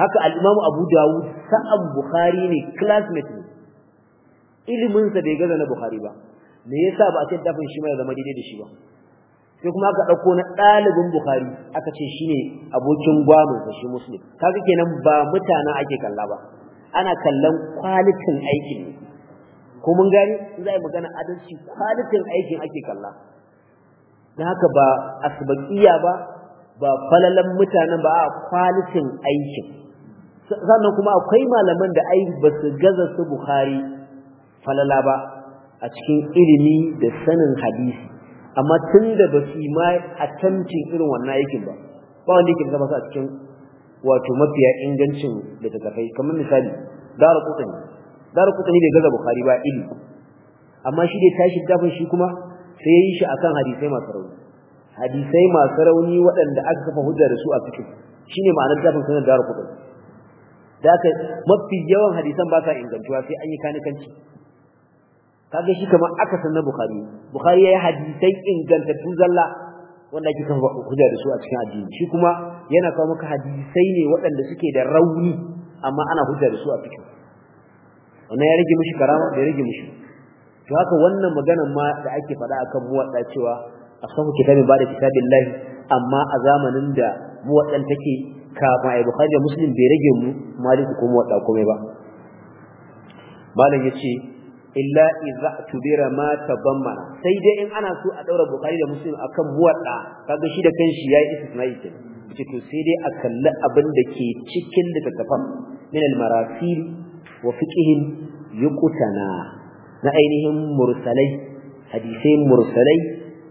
haka al imam abu dawud sa'an bukhari ne classmate ne ilimin sa bai gaza na bukhari ba me yasa ba a ce dafin shi mai zama daidai da shi ba sai kuma aka dauko na dalibin bukhari aka ce shine abokin gwamin sa shi muslim kaga kenan ba mutana ake kalla ba ana kallon kwalitin aikin ne ko mun gani in za a yi magana adalci kwalitin aikin ake kalla na haka ba asbaqiya ba ba falalan mutanen ba a kwalitin aikin sannan kuma akwai malaman da ai ba su gaza su bukhari falala ba a cikin ilimi da sanin hadisi amma tun da ba su ma a tamcin irin wannan aikin ba ba wanda yake zama su a cikin wato mafiya ingancin da ta kafai kamar misali dara kutani daru kutani bai gaza bukhari ba ilmi amma shi dai tashi dafin shi kuma sai yayi shi akan hadisai masu rauni hadisai masu rauni waɗanda aka kafa hujjar su a cikin shine ma'anar dafin sanan daru kutani da aka mafi yawan hadisan ba sa ingantuwa sai an yi kanikanci kaga shi kamar aka san na bukhari bukhari yayi hadisai ingantattu zalla wanda ake kan hujja su a cikin addini shi kuma yana kawo maka hadisai ne waɗanda suke da rauni amma ana hujjar su a cikin wannan ya rage mishi karama bai rage mishi to haka wannan maganar ma da ake faɗa akan muwadda cewa asahu kitabi ba da kitabillahi amma a zamanin da muwaddan take kafin ai bukhari da muslim bai rage mu maliku ko muwadda komai ba malam yace illa idza tubira ma tabammana sai dai in ana so a daura bukhari da muslim akan muwadda kaga shi da kanshi yayi istisnai ke yace to sai dai a kalli abin da ke cikin littattafan min al-marasil wa fiqihim yuqtana na ainihin mursalai hadisai mursalai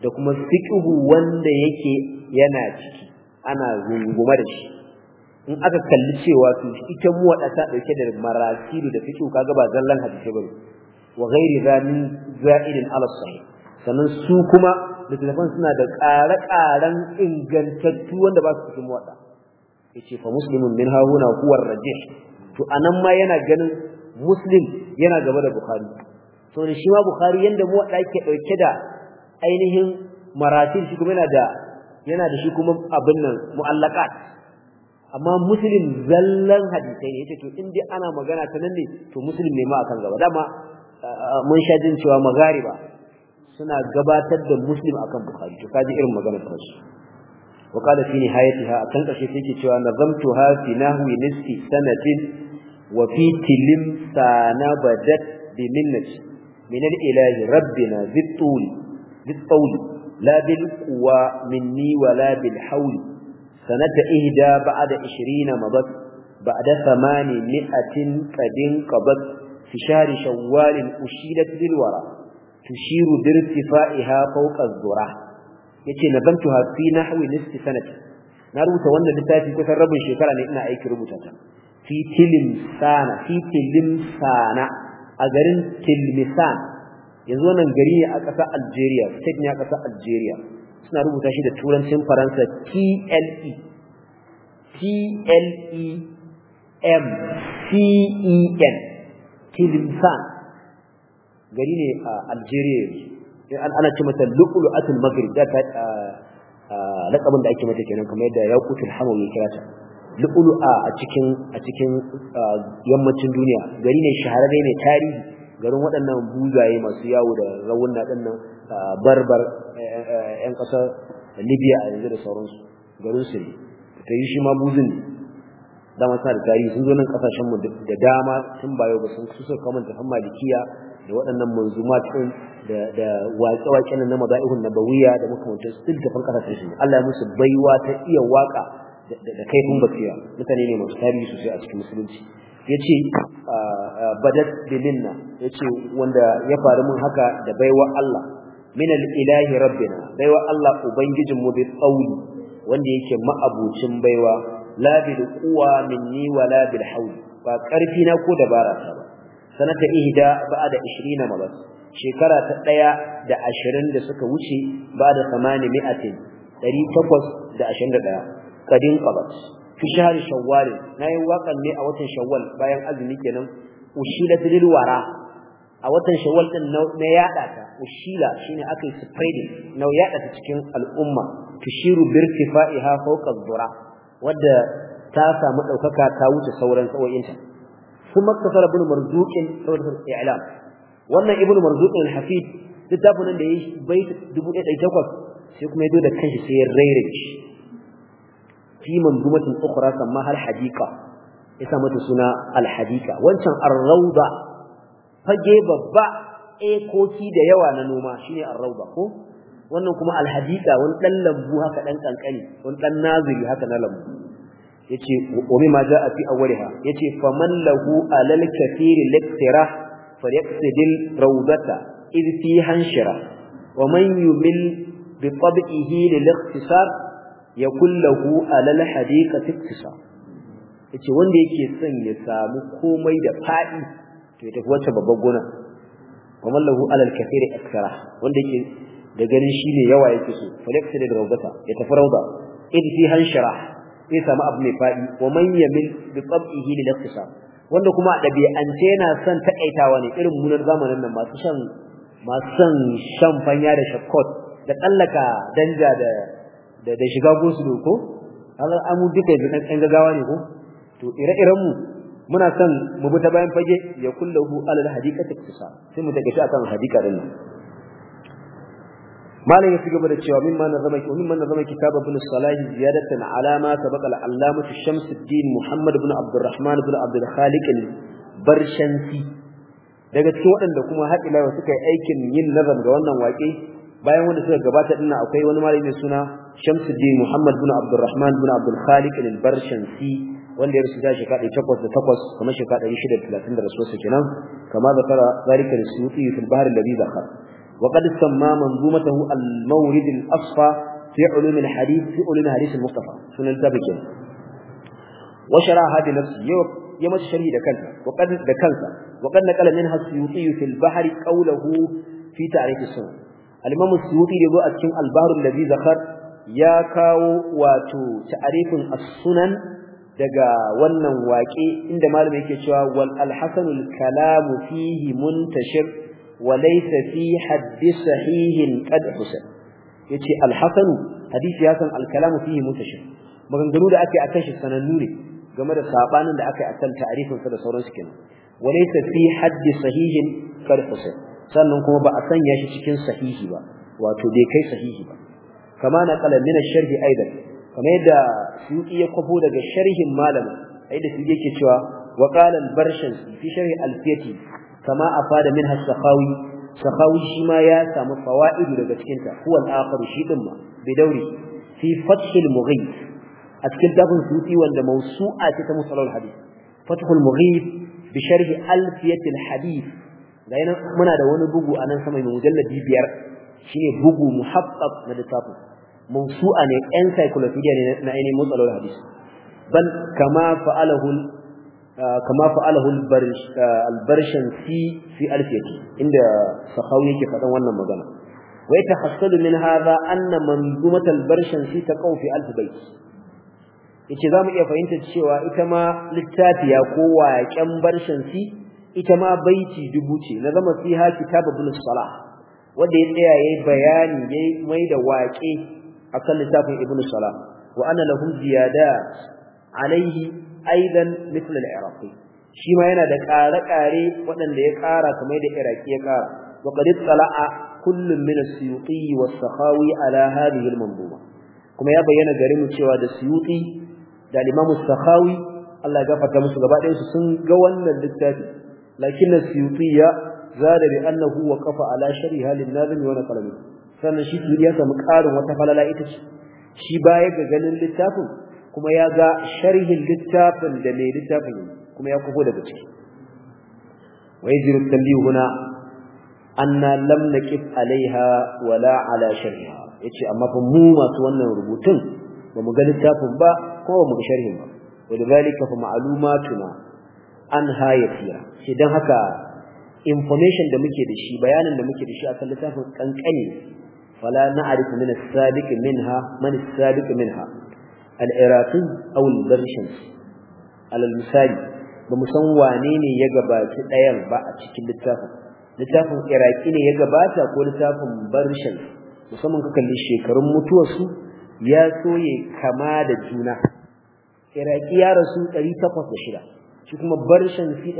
da kuma fiqhu wanda yake yana ciki ana zunguma da shi in aka kalli cewa to ita mu wada ta dauke da marasilu da fiqhu kaga ba zallan hadisi bane wa ghairi zani za'idin ala sahih sannan su kuma littafan suna da ƙare-ƙaren ingantattu wanda ba su cikin wada yace fa muslimun min hahuna huwa rajih to anan ma yana ganin muslim yana gaba da bukhari to ne shi ma bukhari yanda mu wadda yake dauke da ainihin maratib shi kuma yana da yana da shi kuma abin nan mu'allaqat amma muslim zallan hadisai ne yace to in dai ana magana ta nan ne to muslim ne ma akan gaba dama mun sha jin cewa magariba suna gabatar da muslim akan bukhari to kaji irin maganar kansu وقال في نهايتها تنقشي فيك تشوى نظمتها في نهو نصف سنة وفي سانا بدت بمنة من الإله ربنا ذي الطول ذي الطول لا بالقوى مني ولا بالحول سنة إهدى بعد عشرين مضت بعد ثمانمائة قد انقضت في شهر شوال أشيلت بالورى تشير بارتفاعها فوق الذرة yace ha fi nahwi nisfi sanati na rubuta wannan littafi kasan rabin shekara ne ina aiki rubuta ta fi tilim sana fi tilim sana a garin tilmisan yanzu wannan gari ne a ƙasar Algeria state ne a ƙasar Algeria suna rubuta shi da turancin Faransa T L E T L E M C E N Tilmisan gari ne a Algeria yanzu Eh, an ana ce mata lu'lu'atul maghrib da ta lakabin da ake mata kenan kamar yadda ya hamawi ya kira ta lu'lu'a a cikin a cikin yammacin duniya gari ne shahararre ne tarihi garin waɗannan buzaye masu yawo da rawunna nan barbar ƴan ƙasar Libya a yanzu da sauransu garin su ne ta yi shi ma buzin dama suna da tarihi sun zo nan kasashen mu da dama tun bayo ba sun kusa kamanta fan malikiya da waɗannan manzuma din da da waƙe-waƙen na maza'ihun nabawiyya da makamantar su duk da kasashen shi Allah ya musu baiwa ta iya waka da kaifin bakiya mutane ne masu tarihi sosai a cikin musulunci yace ah, ah, badat bilinna yace wanda ya faru mun haka da baiwa Allah min al-ilahi rabbina baiwa Allah ubangijin mu bi wanda yake ma'abucin baiwa la bil quwa minni wala bil hawl ba karfi na ko dabara ta ba sanata ihda ba'da 20 mabas shekara ta daya da 20 da suka wuce ba'da 800 821 qadin qabat fi shahr shawwal nayi wakan ne a watan shawwal bayan azumi kenan Ushila lil wara a watan shawwal din na yada ta ushila shine akai spreading na yada ta cikin al'umma tushiru birtifa'iha fawqa dhura wadda ta samu daukaka ta wuce sauran sauyinta ثم اقتصر ابن مرزوق سورة الإعلام وأن ابن مرزوق الحفيد littafin da yayi bait 1800 sai kuma ya da kanshi sai ya raira shi fi manzumatin ukhra kamma hal hadika ya sa mata suna al hadika wancan ar fage babba ekoki da yawa na noma shine ar-rawda ko wannan kuma al hadika wani dan lambu haka dan kankani wani dan naziri haka na lambu yace ma za a fi awwaliha yace faman lahu alal kathir liktira falyaqsidil rawdata id fi hanshira wa man yumil bi tab'ihi lil ikhtisar yakul lahu alal hadika iktisar yace wanda yake son ya samu komai da fadi to ya tafi wata babbar gona faman lahu alal kathir iktira wanda yake da ganin shine yawa yake so falyaqsidil rawdata ya tafi rawda id fi hanshira zai samu abu mai faɗi wa man yamil bi tab'ihi lil iqtisab wanda kuma a ɗabi'ance yana son takaitawa ne irin munar zamanin nan masu shan masu son shan fanya da shakkot da tsallaka danja da da shiga gosulo ko An amu duka yanzu ɗan gaggawa ne ko to ire-iren mu muna son mu bi ta bayan fage ya kullahu alal hadiqati kusa, sai mu take shi akan hadiqa din malam ya cigaba da cewa mimma nazama ki mimma nazama kitab ibn salah ziyadatan ala ma sabaqa al-allamah shamsuddin muhammad ibn abdurrahman ibn abdul khaliq barshansi daga cikin waɗanda kuma har ila suka yi aikin yin nazam ga wannan waƙe bayan wanda suka gabata din akwai wani malami mai suna Shamsuddin Muhammad bin Abdurrahman bin Abdul Khaliq al-Barshansi wanda ya rusu da shekara takwas da takwas kuma shekara shida da da rasuwarsa kenan kama da fara zalika da suyuti fil bahr alladhi dakhala وقد سمى منظومته المورد الأصفى في علوم الحديث في علوم حديث المصطفى سنن تابعين وشرع هذه نفسه يمت شرحه دكانسا وقد دكانسا وقد نقل منها السيوطي في البحر قوله في تعريف السنة الإمام السيوطي يقول أتكين البحر الذي ذكر يا كاو واتو تعريف السنن daga wannan waƙe inda malamin yake cewa wal alhasanul kalamu fihi muntashir walaysa fi haddi sahihin qad husan yace al-hasan hadisi ya san al-kalamu fihi mutashir maganganu da akai akan shi sanannu ne game da sabanin da a kan ta'arifin sa da sauransu kenan walaysa fi haddi sahihin qad sannan kuma ba a sanya shi cikin sahihi ba wato bai kai sahihi ba kama na qala min sharhi sharh aidan kamar yadda suyuti ya kwafo daga sharhin malama aidan suyuti yake cewa wa qala al-barshan fi sharh al-fiyati كما أفاد منها السخاوي سخاوي شمايا سام الفوائد لبسكنتا هو الآخر شيدما بدوري في فتح المغيف أتكل تقول سوتي وأن موسوعة تتمصر الحديث فتح المغيف بشرح ألفية الحديث لأن من هذا وانا بقو أنا سمي مجلد بيبير شيء بقو محقق مدتاته موسوعة نتأنسى كل سيديا نعيني مصر الحديث بل كما فعله kama fa'alahu al-barshansi fi alfiyati inda sahawi yake faɗan wannan magana wa yatahassadu min hadha anna manzumat al ta taqaw fi alf bayt yace zamu iya fahimtar cewa ita ma littafiya ko waƙen barshansi ita ma baiti dubu ce na zama fiha kitab ibn salah wanda ya tsaya yayi bayani yayi mai da waƙe akan littafin ibn salah wa anna lahum ziyadat alayhi aidan misal al-iraqi shi ma yana da ƙare-ƙare waɗanda ya ƙara kamar da iraki ya ƙara wa qad tala'a kullun min as-suyuti wa as-sakhawi ala hadhihi al-manzuma kuma ya bayyana gare mu cewa da suyuti da al-imam as-sakhawi Allah ya gafarta musu gaba su sun ga wannan littafi lakin as-suyuti ya zada bi annahu waqafa ala sharhi lin-nazim wa naqala sannan shi ya samu ƙarin wata falala ita ce shi baya ga ganin littafin kuma ya ga sharhin littafin da mai littafin kuma ya kufo daga ciki wai yajiru tanbihu huna anna lam naqif alaiha wala ala sharhiha yace amma fa mu masu wannan rubutun ba mu ga littafin ba ko ba mu ga sharhin ba ولذلك فمعلوماتنا anha yafiya sai dan haka information da muke da shi bayanin da muke da shi akan littafin kankani fala na'rifu min as-sabiq minha man as-sabiq minha al-iraqi aw al-barshin alal misali ba mu san wane ne ya gabaci ɗayan ba a cikin littafin littafin iraqi ne ya gabata ko littafin barshin musamman ka kalli shekarun mutuwarsu ya soye kama da juna iraqi ya rasu 806 shi kuma barshin fi 808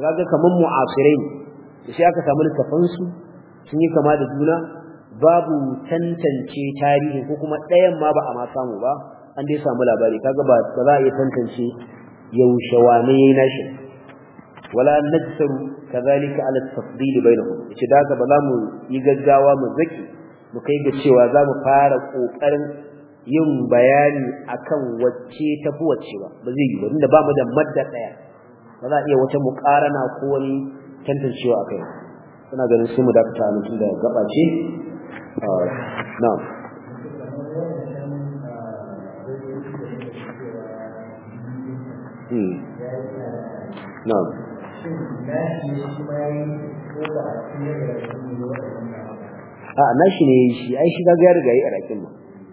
kaga kaman mu'asirai ne sai aka samu littafin su sun yi kama da juna babu tantance tarihi ko kuma ɗayan ma ba a ma samu ba an dai samu labari kaga ba ba za a iya tantance yaushe wane yayin nashi wala najsaru kazalika ala tafdil bainahum yace da haka ba za mu yi gaggawa mu zaki mu kai ga cewa za mu fara kokarin yin bayani akan wacce tafi wacce ba ba zai yi ba inda ba mu da madda daya ba za a iya wata muƙarana ko wani tantancewa akai ina ganin sai mu dakata a mutum da gaba ce na'am na shi ne shi yi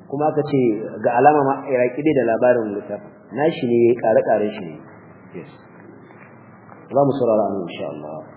kuma aka ce ga alama ma iraki dai da labarin wuta, na shi ne ya yi kare shi ne yes za mu saurara mu insha Allah